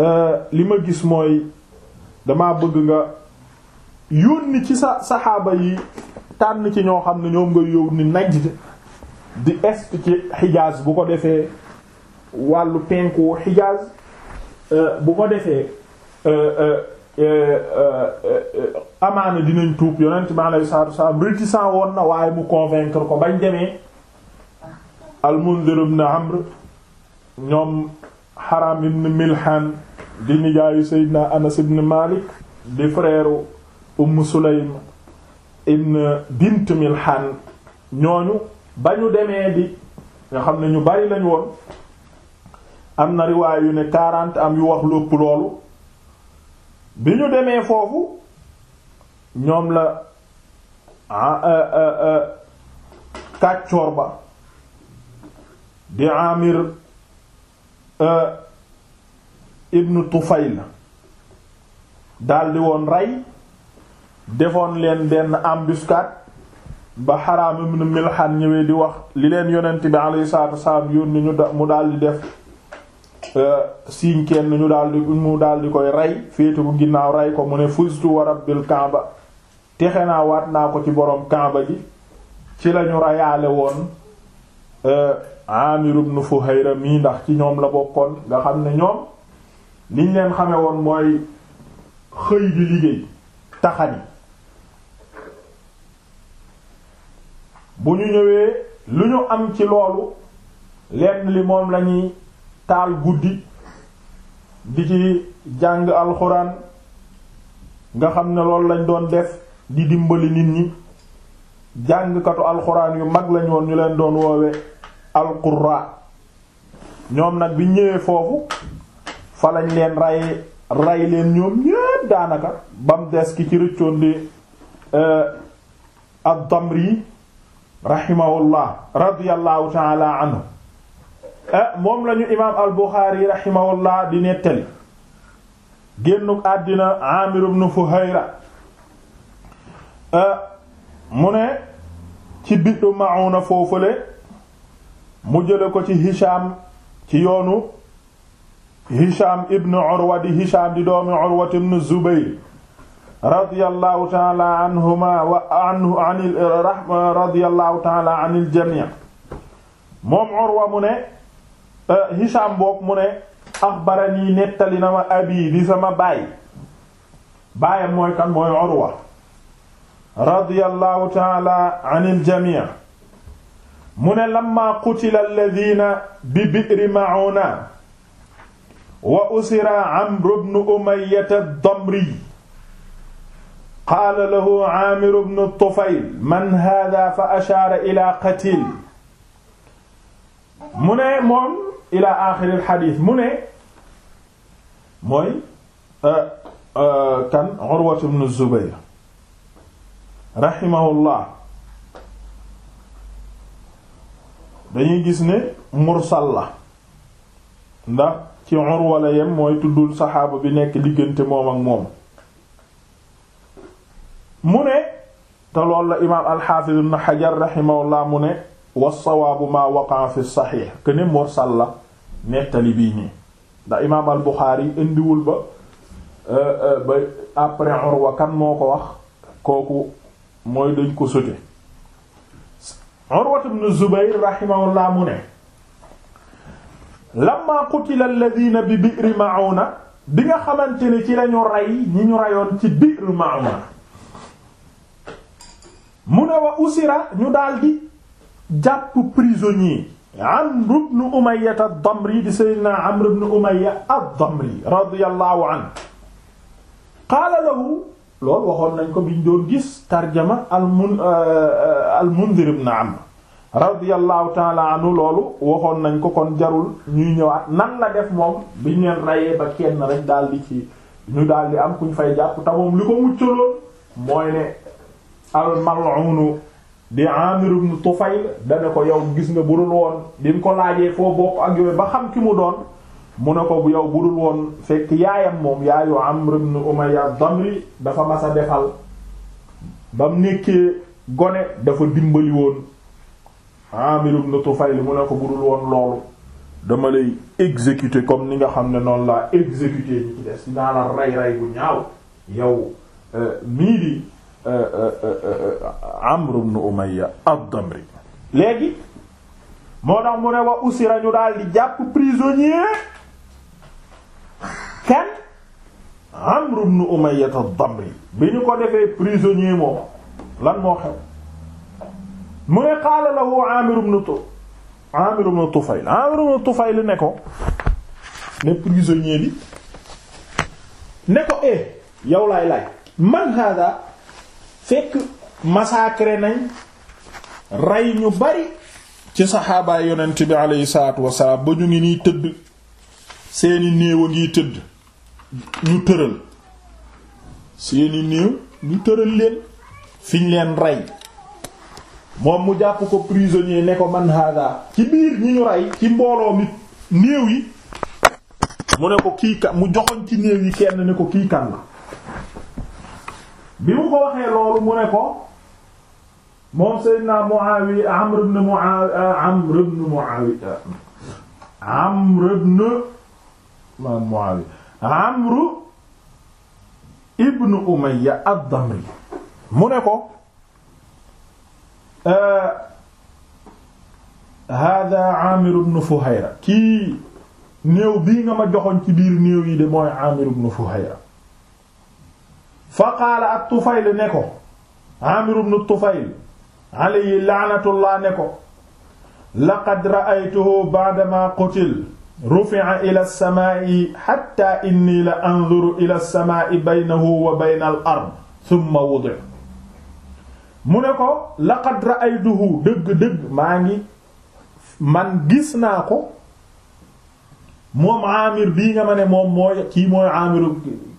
euh, li ma gis mooy dama bëgg nga yónni ci sa saxaaba yi tànn ci ñoo xam ne ñoom nga yow ni Najd di est ci Hijaz bu ko defee wàllu penku Hijaz euh, bu ko defee Eh, eh, eh, amaana dinañ tuub yonent bi alayhi salaatu wasallam réticent woon na waaye bu convaincre ko bañ demee al-Mundhir ibn Amr ñoom Haram ibn Milhan di nijaayu Seydina Anas ibn Malik di frère Umm Sulaym ibn bint Milhan ñooñu ba ñu demee di nga xam na ñu bari lañu woon am na riwaay yu ne quarante am yu wax lépp loolu bi ñu demee foofu ñoom la kàccoor ba di amir ibnu tufayl daldi woon rey defoon leen benn embuscade ba Haraam ibn Milhan ñëwee di wax li leen yonent bi alayhi salaatu wasalaam yónni ñu mu daldi def siiñ kenn ñu daldi mu daldi koy rey féete bu ginnaaw rey ko mu ne fustu wa rabbil kaaba texe naa waat naa ko ci boroom kàmba gi ci lañu reyaale woon e, Amir ibn Fuhayra mii ndax ci ñoom la bokkoon nga xam ne ñoom liñ leen xame woon mooy xëy di liggéey taxani bu ñu ñëwee lu ñu am ci loolu lenn li moom lañuy taal guddi di ci jàng alxuraan nga xam ne loolu lañ doon def di dimbali nit ñi jàngkatu alxuraan yu mag lañ woon ñu leen doon woowe alqurra ñoom nag bi ñëwee foofu fa lañ leen ray ray leen ñoom ñépp daanaka bam des ki ci rëccoon di euh, ad-Damri rahimahullah radiyallahu ta'ala anhu Eh, moom lañu imaam al Buxaari rahimahullah di nettali génnuk àddina Aamir ibn Fuhayra eh, mu ne ci bidu Mauna foofule mu jële ko ci Hisham ci yoonu Hisham ibn Urwa di Hisham di doomi Urwa ibn Zubayr radiyallahu taala anhuma wa anhu anil eh, jamii moom Urwa mu ne Euh, Hisham boog mu ne axbarani nettali na ma abi di sama baay baayam mooy kan mooy Urwa radiyallahu taala anil jamii mu ne lamma qutila alladhina bi bi'ri ma'una wa usira amru bnu umayyata ad-damri qaala lahu aamiru bnu tufayl man haadha fa ashaara ila qatil mu ne moom ila aaxiril xadiis mu ne mooy euh, euh, kan Urwatu ibn Zubayr rahimahullah dañuy gis ne mursal la ndax ci Urwa yem mooy tuddul saxaaba bi nekk diggante moom ak moom mu ne te loolu la imaam al-Hafiz ibn Hajar mu ne wassawaabu ma waqaa fi saxiix que ne mursal la nettali bii nii ndax imaam al Buxaari indiwul euh, euh, ba après Urwa kan moo ko wax kooku mooy dañ ko sute Urwa ibn Zubayr rahimahullah mu ne lamma qutila bi nga xamante ci lañu rey ñi ñu reyoon ci bi'r ma'una mu ne wa usira ñu daldi jàpp prisonnier Amr ibn Umayya ad-Damri di sayyidina Amr ibn Umayya ad-Damri radiyallahu anhu qaala lahu loolu waxoon nañ ko biñ doon gis tarjama almun euh, al-Mundhir ibn Amr radiyallahu ta'ala anhu loolu waxoon nañ ko kon jarul ñuy ñëwaat nan la def moom biñ leen rayee ba kenn rek daal di ci ñu daal di am kuñ fay jàpp te li ko muccaloon mooy ne al mal'unu di Amir ibn Tufayl dana ko yow gis nga budul woon bi ko laajee foo bokk ak yooyu ba xam ki mu doon mu ne ko bu yow budul woon fekk yaayam moom yaayu Amr ibn Umayya Damri dafa mas a defal ba mu nekkee gone dafa dimbali woon Amir ibn Tufayl mu ne ko budul woon loolu dama lay exécuter comme ni nga xam ne noonu laa exécuter ñi ci des dinaa la rey rey bu ñaaw yow euh, mii Euh, euh, euh, Amr ibn Umayya ad-Damri léegi moo tax mu ne wa usira ñu daal di jàpp prisonnier kan Amr ibn Umayya ad-Damri bi ñu ko defee prisonnier moom lan moo xew mu ne qaala lahu Amir ibn Tu Amir ibn Tufayl Amir ibn Tufayl ne ko ne prisonnier bi ne ko eh yow laay laaj man hada fekk massacré nañ rey ñu bari ci saxaabaay yonent bi aleyhi salaatu wasalaam ba ñu ngi niy tëdd seeni néew a ngiy tëdd ñu tëral seeni néew ñu tëral leen fiñ leen rey moom mu jàpp ko prisonnier ne ko man hada ci biir ñi ñu rey ci mbooloo mi néew yi mu ne ko kii kan mu joxoñ ci néew yi kenn ne ko kii kan bi mu ko waxee loolu mu ne ko moom Seydina Muawiya Amr ibn Muawiya Amr ibn Muawiya Amr ibn Muawiya Amr ibn Umayya ad-Damri mu ne ko hada Amir ibn Fuhayra kii néew bii nga ma joxoon ci biir néew yi de mooy Amir ibn Fuhayra fa qaala ak tufayl ne ko amir ibn tufayl alayhi la'natullah ne ko laqad ra'aytuhu ba'dama qutil rufi'a ila as-samaa'i hatta inni la anzuru ila as-samaa'i baynahu wa bayna al-ard thumma wudi'a mu ne ko laqad ra'aytuhu dëgg-dëgg maa ngi man gis naa ko moom amir bii nga ma ne moom mooy kii mooy amiru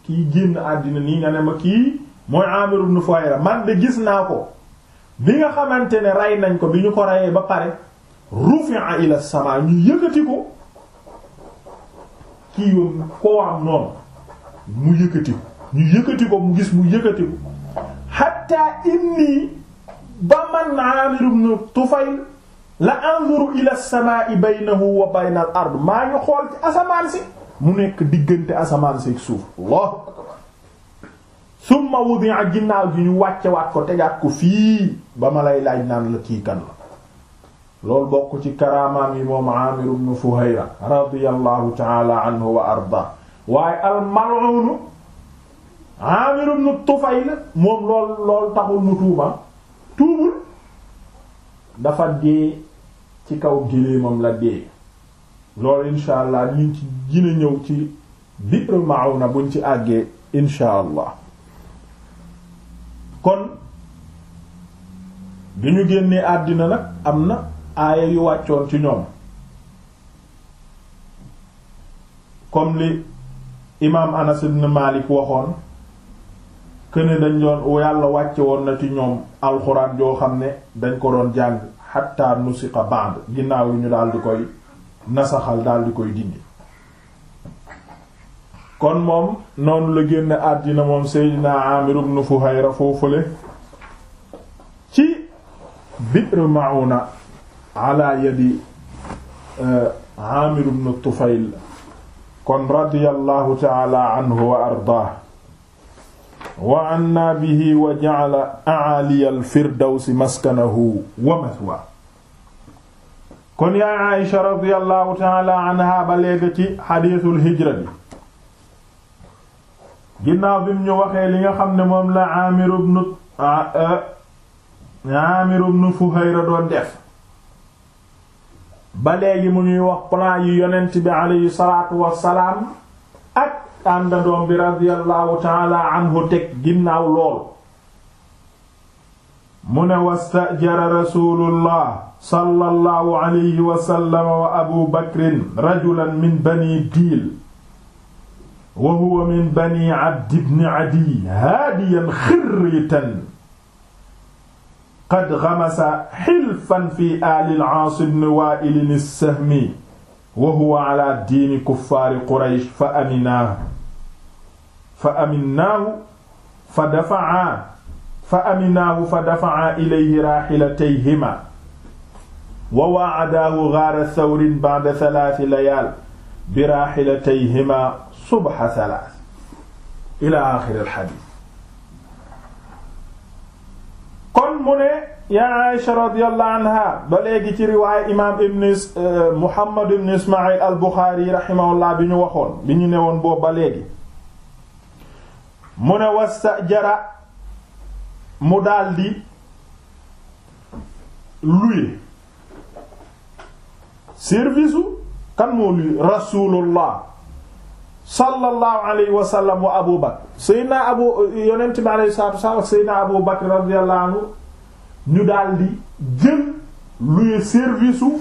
kii génn àddina nii nga ne ma kii mooy Amir ibn Fuhayra man de gis naa ko bi nga xamante ne rey nañ ko bi ñu ko reyee ba pare rufi'a ila sama ñu yëkkati ko kii koo am noonu mu yëkkati ko ñu yëkkati ko mu gis mu yëkkati ko hatta inni ba na Amir ibn Tufayl la anzuru ila samaa'i baynahu wa bayna ard maa ngi xool ci asamaan si mu nekk diggante asamaan seeg suuf Allahu akbar summa wudi'a ginnaaw gi ñu wàccewaat ko tegaat ko fii ba ma lay laaj naan la kii kan la loolu bokk ci karaamaam yi moom Aamir ibn Fuhayra radiyallahu ta'ala anhu wa arda waaye al-mal'un Aamir ibn Tufayl moom lool lool taxul mu tuuma ah. tuubul dafa dee ci kaw géléemam la dee loolu insha allah ñu ci gina ñëw ci Bi'r na buñ ci àggee insha allah kon bi ñu génnee àddina nag am na aaya yu wàccoon ci ñoom comme li imaam Anas ibn Malik waxoon këne dañ doon yàlla wàcce woon na ci ñoom alxuraan joo xam ne dañ ko doon jàng xatta nusiqa ba'd ginnaaw yi ñu daal di koy nasaxal daal di koy dindi kon moom noonu la génn àddina moom Seydina Amir ibn Fuhayra foofule ci Bi'r Ma'una ala yadi eh, Amir ibn Tufayl kon radiyallahu ta'ala anhu wa ardaah wa anna bihi wa ja'ala a'ali al-firdawsi wa mathwaahu kon yaa Aïsha radiyallahu taala anha ba léegi ci xadiisul hijra bi ginnaaw bi mu ñu waxee li nga xam ne moom la Aamir ibnu Aamir ibnu Fuhayra doon def ba léegi mu ñuy wax plan yi yonent bi alayhi salaatu wassalaam ak àndandoom bi radiyallahu taala anhu teg ginnaaw lool mu ne wastajara rasulullah sallallahu alayhi wa sallam wa abu bakrin rajulan min bani diil wa huwa min bani abd ibn adi haadiyan xirritan qad xamasa xilfan fi aali al-aas ibn waa'il as-sahmi wa huwa ala diini kuffaari quraysh fa aminaahu fa aminaahu fa dafa'aa fa aminaahu fa dafaa ilayhi raaxilatayhima wa waacadaahu gaara sawrin bacda talaati layaal bi raaxilatayhima subha talaat ila aaxiri alxadiis kon mu ne yaa Aysha radiyallahu anha ba léegi ci riwaaya imaam ibn euh, Muhammad ibn Ismaayil al-Buxaari raximahullah bi ñu waxoon bi ñu newoon boobu ba léegi mu ne wastajara mu daldi luye service u kan moo luye rasulullah sallallahu alayhi wa wa abu bakr seydna abu yonent bi alayhi salaatu seydna abu bakr radiyallahu ñu daldi jël luye service u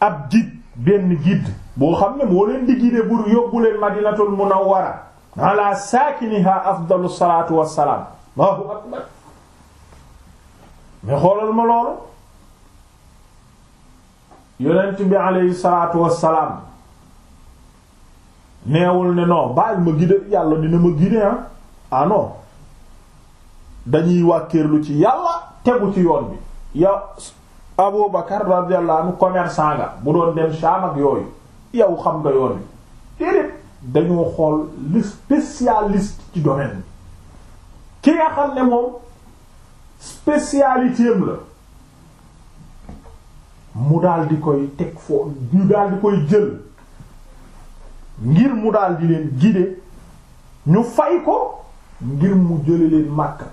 ab guide benn guide boo xam ne moo leen di guider pour yóbbu leen madinatul munawwara ala saakiniha afdalu salaatu wassalaam allahu akbar xoolal ma loolu yonent bi alayhi salaatu wassalaam neewul ne non baal ma gide yàlla dina ma gide ah ah dañuy wàkkeerlu ci yàlla tegu ci yoon bi ya Abu Bakar radiyallahu anhu commerçant nga bu doon dem Sham yooyu yow xam nga yoon bi dañoo xool li spécialiste ci domaine bi ki nga ne moom spécialité la mu daal di koy teg foo ñu daal koy jël ngir mu daal leen guider ñu fay ko ngir mu jële leen Makka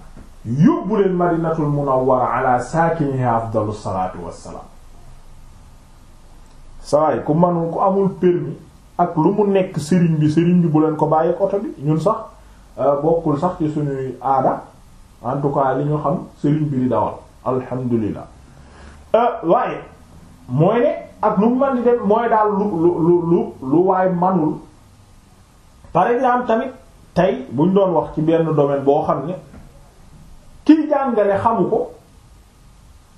yóbbu leen Madinatul Munawwara ala saakiniha afdalu salaatu wassalaam saa ku manul ku amul permis ak lu mu nekk sëriñ bi sëriñ bi bu leen ko bàyyi oto bi ñun sax euh, bokkul sax ci suñuy aada en tout cas li ñu xam sëriñ bi di dawal alhamdulilah euh, waaye mooy ne ak lu mu man dem mooy daal lu lu lu lu waay manul par exemple tamit tey buñ doon wax ci benn domaine boo xam ne kiy jàngale xamu ko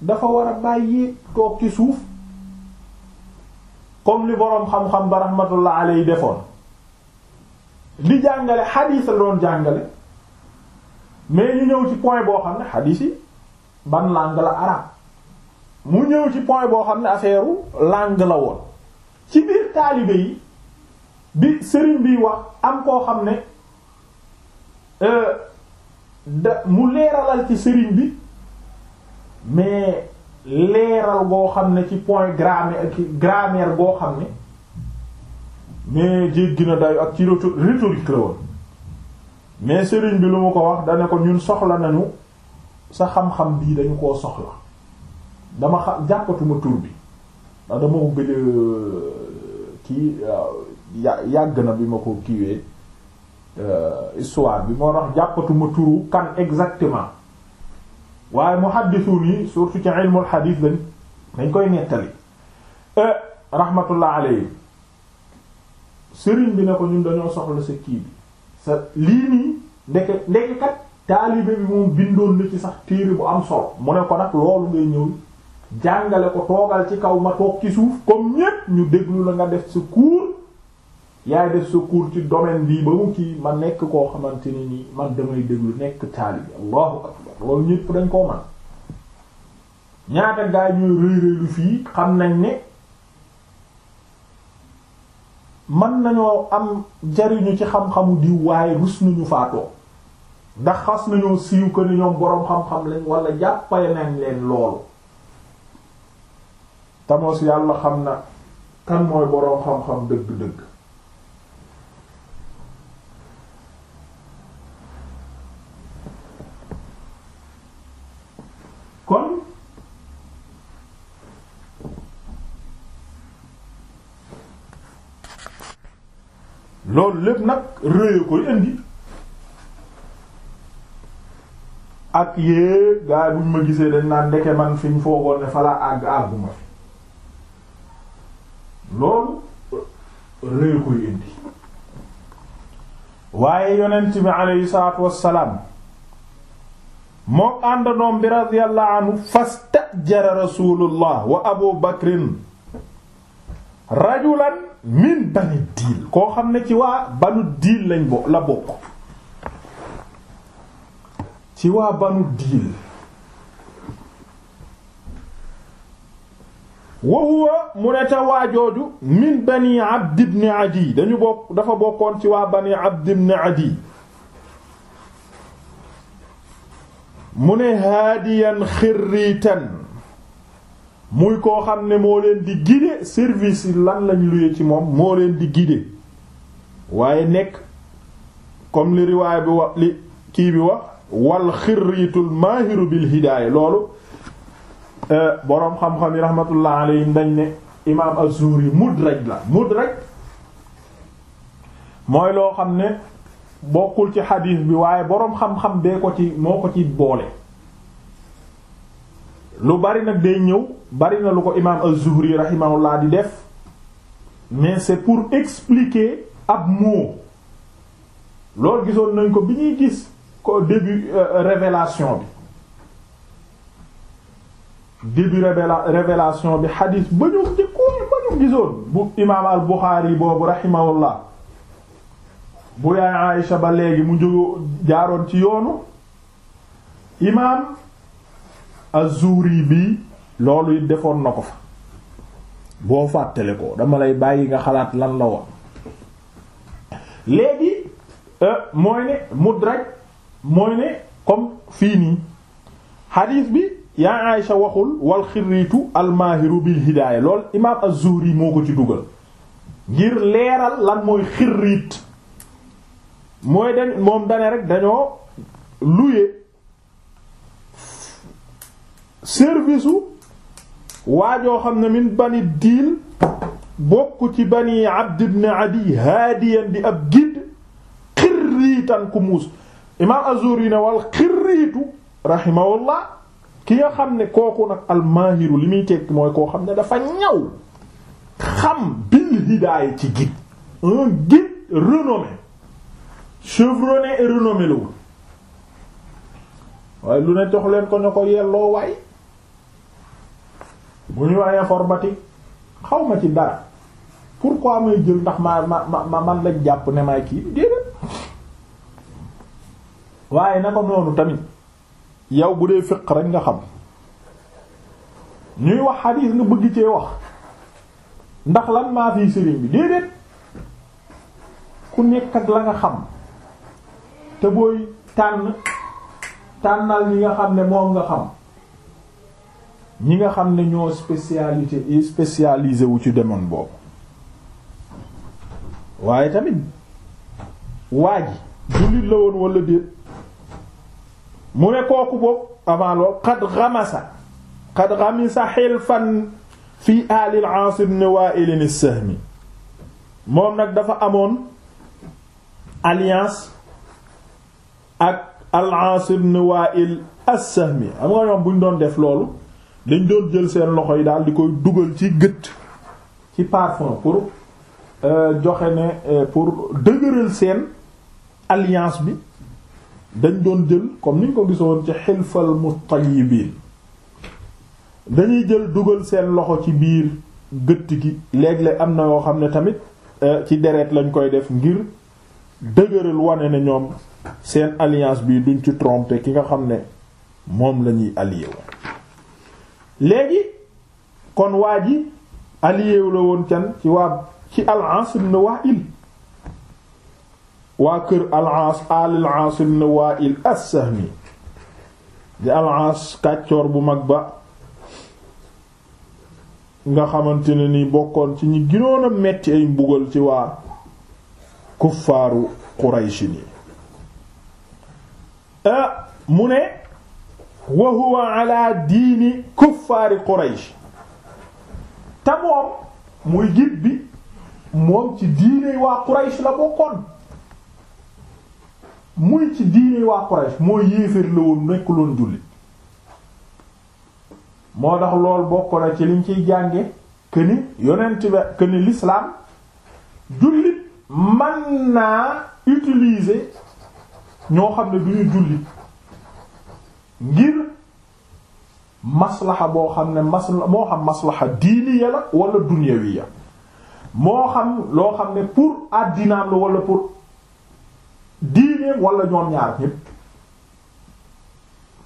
dafa war a bàyyi toog ci suuf comme li boroom xam-xam ba rahmatullah alayhi defoon li jàngale xadiis la doon jàngale mais ñu ñëw ci point boo xam ne xadiis yi ban langue la arabe mu ñëw ci point boo xam ne affaire langue la woon ci biir taalibe yi bi sëriñ bi wax am koo xam ne euh, da mu leeralal ci sëriñ bi mais leeral boo xam ne ci point grammaire grammaire boo xam ne mais jéggi na dayu ak ci rhétorique la woon mais sëriñ bi lu ma ko wax dana ko ñun soxla nañu sa xam-xam bii dañu koo soxla dama xam jàppatuma tur bi ndax ah, dama ko gëj kii ah, yàgg na bi ma ko kiiwee euh, histoire bi moo tax jàppatuma turu kan exactement waaye muhaddisuun yi surtout ci ilmul xadiis lañ dañ koy nettali e, rahmatullah alayhi sëriñ bi ne ko ñun dañoo soxla sa kii bi sa lii nii ndeke ndeke kat taalibe bi moom bindoon na ci sax téere bu am solo mu ne ko nag loolu ngay ñëw jàngale ko toogal ci kaw ma toog ci suuf comme ñépp ñu déglu la nga def sa cours yaay def sa cours ci domaine bii ba mu kii ma nekk koo xamante ne nii man damay déglu nekk taalibi loolu ñépp dañ koo man ñaata gaa ñuy rëy rëylu fii xam nañ ni mën nañoo am jariñu ci xam-xamu diw waaye rus nañu faatoo ndax xas nañoo siiw ko ni ñoom boroom xam-xam lañ wala jàppale nañ leen loolu tamoos yàlla xam na kan mooy boroom xam-xam dëgg-dëgg loolu lépp nag rëy koy indi ak yée gaa yi buñ ma gisee dañ naan ndeke man fi ñu foogoon ne falaa àgg àggu fi loolu rëy koy indi waaye yonent bi aleyhi salaatu wassalaam moom àndandoom bi radiyallahu anhu fastajara rasulullah wa abu bakrin rajulan min bani diil koo xam ne ci waa banu diil lañ bo la bokk ci waa banu diil wa huwa mu ne ta waa bani abd ibn adi dañu bokk dafa bokkoon ci waa bani abd ibn adi mu ne haadiyan xirriitan muy koo xam ne moo leen di guider service yi lan lañu luye ci moom moo leen di guider waaye nekk comme li riwaay bi wax li kii bi wax wal xirriitul maahiru bil hidaaya loolu euh, boroom xam-xam yi rahmatullah alayhim dañ ne imaam yi zuhri mudraj la mudraj mooy loo xam ne bokkul ci xadiis bi waaye boroom xam-xam bee ko ci moo ko ci boole lu bari nag day ñëw bari na lu ko imaam az-Zuhri rahimahullah di def mais c'est pour expliquer ab mot loolu gisoon nañ ko bi ñuy gis ko début euh, révélation bi début révélation bi xadiis ba ñu jëkkoon ba ñu gisoon bu imaam al-Bukhari boobu rahimahullah bu yaay Aïcha ba léegi mu jógoo jaaroon ci yoonu imaam az-Zuhri bi loolu it defoon na ko fa boo fàttale ko dama lay bàyyi nga xalaat lan la woon léegi euh, mooy ne mudraj mooy ne comme fii nii hadith bi yaa sa waxul wal xirriitu almaahiru bil hidaaya loolu imaam az moo ko ci dugal ngir leeral lan mooy xirriit mooy dañ moom dane rek dañoo luye service u waajoo xam ne min bani diil bokk ci bani abd ibn adi haadiyan di ab gidd xirriitan ku muus imaam azuri ne wal xirriitu rahimahullah ki nga xam ne kooku nag almaahiru li muy tekki mooy koo xam ne dafa ñaw xam bil hidaaya ci guide un guide renommé chevronné et renommé waaye lu ne jox leen ko ñu ko yelloo waay bu ñu informatique xaw ma ci dara ko amee jël ndax ma ma ma man la jàpp ne may kii déedéet waaye na ko noonu tamit yow bu dee fiq rek nga xam ñuy wax xadiis nga bëgg cee wax ndax lan maa fi sëriñ bi déedéet ku nekk ak la nga xam te booy tànn tànnal ñi nga xam ne moom nga xam ñi nga xam ne ñoo spécialité spécialisé wu ci demoon boobu waaye tamit waa ji jullit la woon wala déet mu ne kooku boobu avant lool xad ramasa xad ramisa xilfan fi alil Aas ibn Wa'il as-Sahmi moom nag dafa amoon alliance ak al Aas ibn Wa'il as-Sahmi am nga ñoom buñ doon def loolu dañ doon jël seen loxo yi daal di koy dugal ci gët ci parfum pour euh, joxe ne euh, pour dëgëral seen alliance bi dañ doon jël comme ni ñu ko gisoon ci xilfal mutayyibiin dañuy jël dugal seen loxo ci biir gëtt gi léeg-léeg am na yoo xam ne tamit euh, ci deret lañ koy def ngir dëgëral wane ne ñoom seen alliance bi duñ ci tromper ki nga xam ne moom lañuy ñuy allié léegi kon waa ji aliyeew la woon can ci waa ci al-As ibn Wa'il waa kër al-As al al-As ibn di al-As kàccoor bu mag ba nga xamante ne ni bokkoon ci ñi ginoon metti ay mbugal ci waa kuffaaru Quraysh ni eh, mu ne wa huwa ala diini kuffaari Quraysh te moom muy gib bi moom ci diine waa Quraysh la bokkoon muy ci diine waa Quraysh moo yéeféer la woon nekkuloon jullit moo tax lool bokk na ci liñ ciy jànge këni yonent bi këni l'islam jullit man naa utiliser ñoo xam ne du ñu jullit ngir maslaxa boo xam ne masla moo xam maslaxa diiniya la wala dunyawiya moo xam loo xam ne pour àddinaam la wala pour diineem walla ñoom ñaar ñépp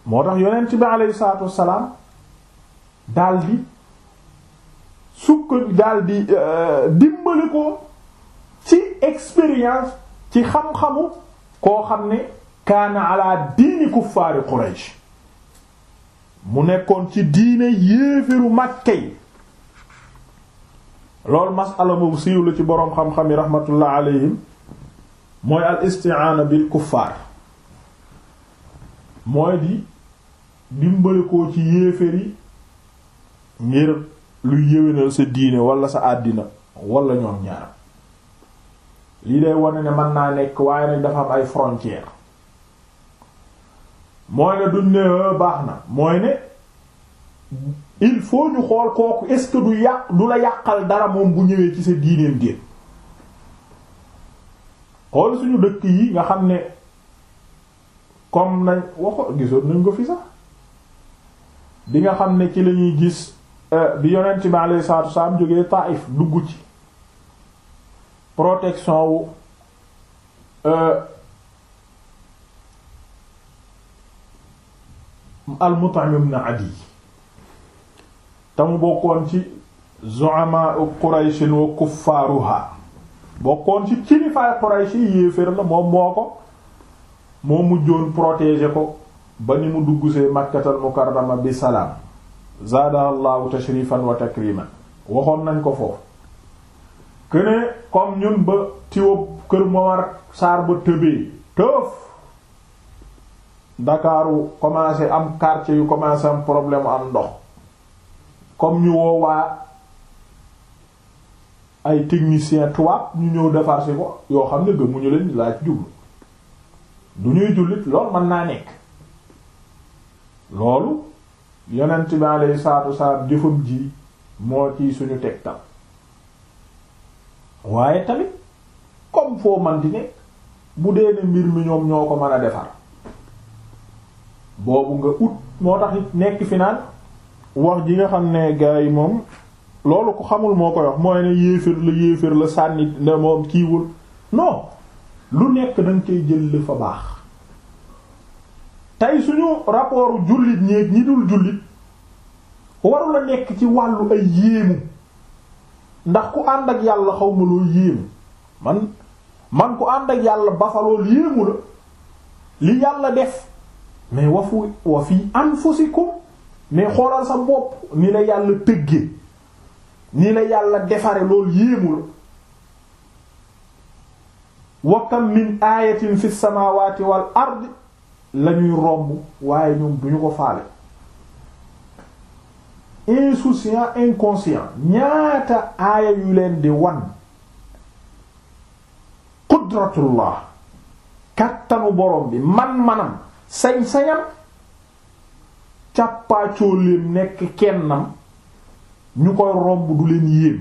moo tax yonent bi aleyhi salaatu wassalaam daldi sukk daldi euh, dimbali ko ci expérience ci xam-xamu koo xam ne kaana ala diini kuffaari Quraysh mu nekkoon ci diine yéefiru Makka yi loolu masala boobu siiw la ci boroom xam-xam yi rahmatullah alayhim mooy al isti'ana bil kuffaar mooy di dimbali ci yéeféer yi ngir luy yéwénal sa diine wala sa àddina walla ñoom ñaar lii day wane ne mën naa nekk waaye nag dafa am ay frontières mooy ne duñ ne euh, baax na mooy ne il faut ñu xool kooku est-ce que du yàq du la yàqal dara moom bu ñëwee ci sa diineem déet xool suñu dëkk yi nga xam ne comme nañ waxo gisoon nañ ko fi sax bi nga xam ne ci lañuy gis euh, bi yonent bi alayhi salaatu wasallam jógee Taif dugg ci protection wu euh, al Mut'im Adi te bokkoon ci zu'ama Qurayshin wa kuffaaruha bokkoon ci kilifaay Quraysh yéeféer la moom moo ko moo mujjoon protéger ko ba ni mu dugg see Makkatal Mukarrama bi salaam zaadaha tashrifan wa takriman waxoon nañ ko foofu këne comme ñun ba tiwo kër Mawar saar ba tëbee tëf ndakaaru commencé am kartie yu commencé am problème am ndox comme ñu woowaa ay technicien tubaab ñu ñëw defar si ko yoo xam ne gëmuñu leen laa ci jublu du ñuy jullit loolu mën naa nekk loolu yonent bi alayhi salaatu wasalaam jëfam ji moo ci suñu tegtal waaye tamit comme foo man di nekk bu dee ne mbir mi ñoom ñoo ko mën a defar boobu nga ut moo tax it nekk fi wax ji nga xam ne gars yi moom loolu ko xamul moo koy wax mooy ne yéefér la yéefér la sànni ne moom kiiwul non lu nekk dañ koy jël li fa baax tey suñu rapport jullit ñeeg ñi dul jullit waru la nekk ci wàllu ay yéemu ndax ku ànd ak yàlla xaw ma loo yéemu man man ku ànd ak yàlla ba fa loolu yéemu la li yàlla def mais wafu wa fi mais xoolal sa bopp ni la yàlla tëggee ni la yàlla defare loolu yéemu la wa min ayatin fi samawati wal ard la romb waaye ñoom duñu ko faale insouciant inconscient ñaata aaya yu leen di wan qudratullah kattanu borom bi man-manam sañ-sañam càppaacoo leen nekk kennam ñu koy romb du leen yéem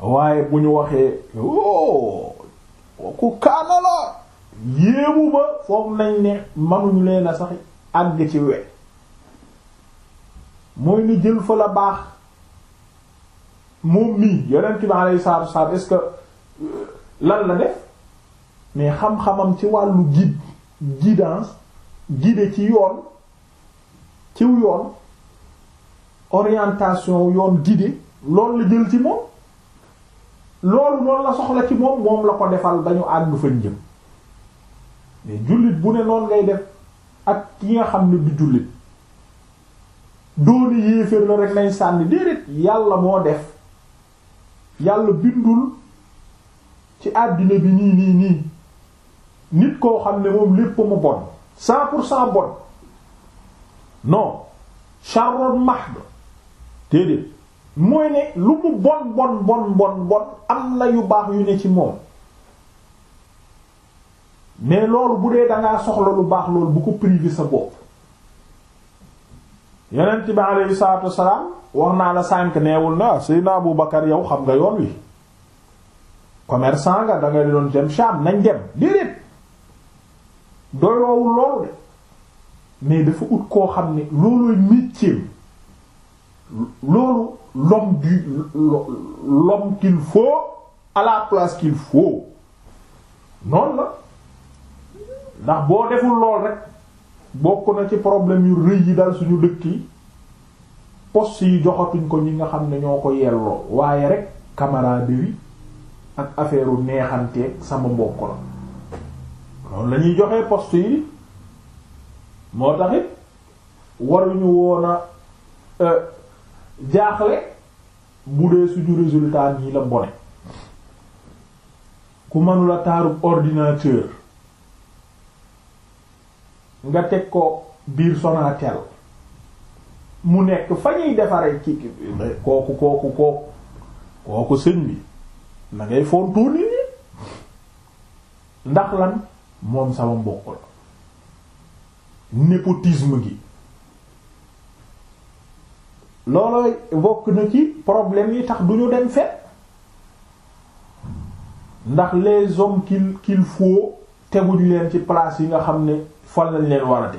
waaye bu ñu waxee o oh, ku kaana yéemu ba foog nañ ne manuñu leen a sax àgg ci we mooy ni jël fa la baax moom mii yonent bi alayhi salaatu wassalaam est-ce que euh, lan la def mais xam-xamam ci wàllu guide guidance guider ci yoon ciw yoon orientation yoon guider loolu la jël ci moom loolu noonu la soxla ci moom moom la ko defal ba ñu àgg fa njëm jullit bu ne noonu ngay def ak ki nga xam ne du jullit dooni yéeféer la rek nañ sànni déedéet yàlla moo def yàlla bindul ci àddina bi nii nii nii nit koo xam ne moom lépp mu bon cent pour cent bon non charron mahd téedéet mooy ne lu mu bon bon bon bon bon am na yu baax yu ne ci moom mais loolu bu dee dangaa soxla lu baax loolu bu ko privé sa bopp yonent bi aleyhi salaatu wasalaam wax naa la sank neewul na Seydina Abu Bakar yow xam nga yoon wi commerçant nga dangay doon dem Sham nañ dem déedéet doyloowul loolu de mais dafa ut koo xam ne loolooy métier loolu l'homme du l'homme qu'il faut à la place qu'il faut noonu la ndax boo deful lool rek bokk na ci problème yu rëy yi dal suñu dëkk yi yi joxatuñ ko ñi nga xam ne ñoo ko yelloo waaye rek camaraderie ak affaire u neexanteeg sama mbokk la noonu la ñuy joxee poste yi moo taxit waruñu woon a euh, jaaxle bu dee suñu résultat nii la bone ku mënula taarub ordinateur nga teg ko biir Sonatel mu nekk fa ñuy defaree ci kooku kooku kooku kooku sëñ bi na fontu nit ñi ndax lan moom sama mbokk la népotisme gi loolooy bokk na ci problème yi tax duñu dem fet ndax les hommes qu'il qu'il faut teguñ leen ci place yi nga xam ne fan lañ leen war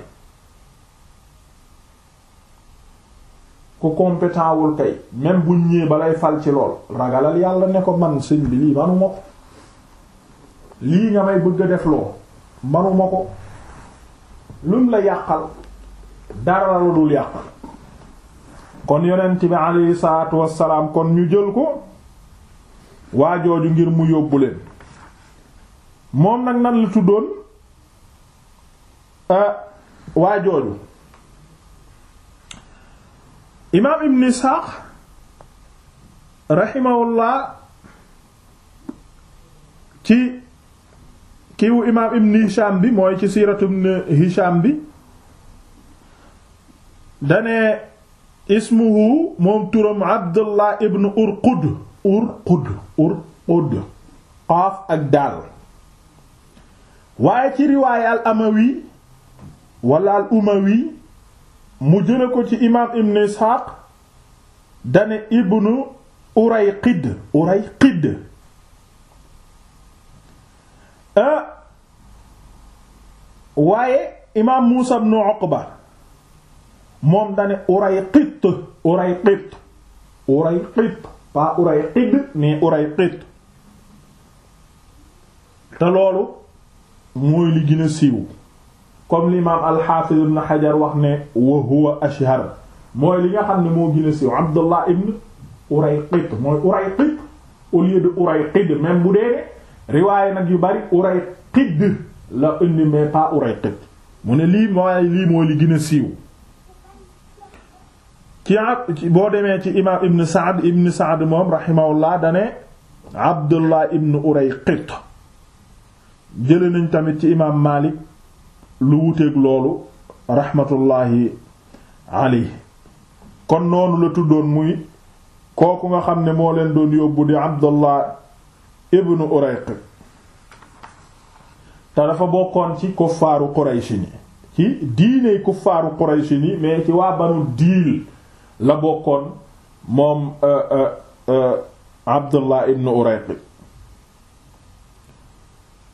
ku compétent wul kay même bu ñëwee balay fal ci lool ragalal yàlla ne ko man sëñ bi lii manuma ko lii nga may bëgg def loo manuma ko lum la yàqal dara la dul yàqal kon yonent bi alayhi wassalaam kon ñu jël ko waajooju ngir mu yóbbu leen moom nag nan la tuddoon ah, waajooju imaam ibn Isxaaq rahimahullah ci kiiwu imaam ibn hisham bi mooy ci siiratu ibn hisham bi dane ismuhu moom turam abdullah ibn urqud urqud urqud qaaf ak daal waaye ci riwaaya al amawi wala al umawi mu jële ko ci imaam ibn isxaaq dane ibnu urayqid urayqid Ah. waaye imaam Muusa ibn Uqba moom dane Urayqit Urayqit Urayqit pas Urayqid mais Urayqit te loolu mooy li gën a siiw comme l'imam al-Hafiz ibn Hajar wax ne wa huwa ashhar mooy li nga xam ne moo gën a siiw Abdullah ibn Urayqit mooy Urayqit au lieu de Urayqid même bu dee riwaaye nag yu bari uray xidd la indi mais pas uray xidd mu ne lii mooy li gën a siiw ci boo demee ci imaam ibn saad ibn saad moom rahimahullah dane abdullah ibn uray xidd jële nañ tamit ci imaam maalik lu wuteeg loolu rahmatullahi alayhi kon noonu la tuddoon muy kooku nga xam ne moo leen doon yóbbu di abdullah ibnu urayqib te dafa bokkoon ci kuffaaru qurayshi ci diiney kuffaaru qurayshi ni mais ci waa banu diil la bokkoon moom euh, euh, euh, abdullah ibnu urayqib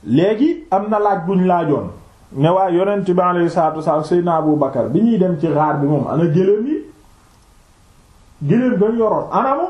léegi am na laaj buñ laajoon ne waa yonent bi alayhi salaatu wasalaam seydna abu bakar bi ñuy dem ci xaar bi moom ana gëléem yi gëléem dañ yoroon anamu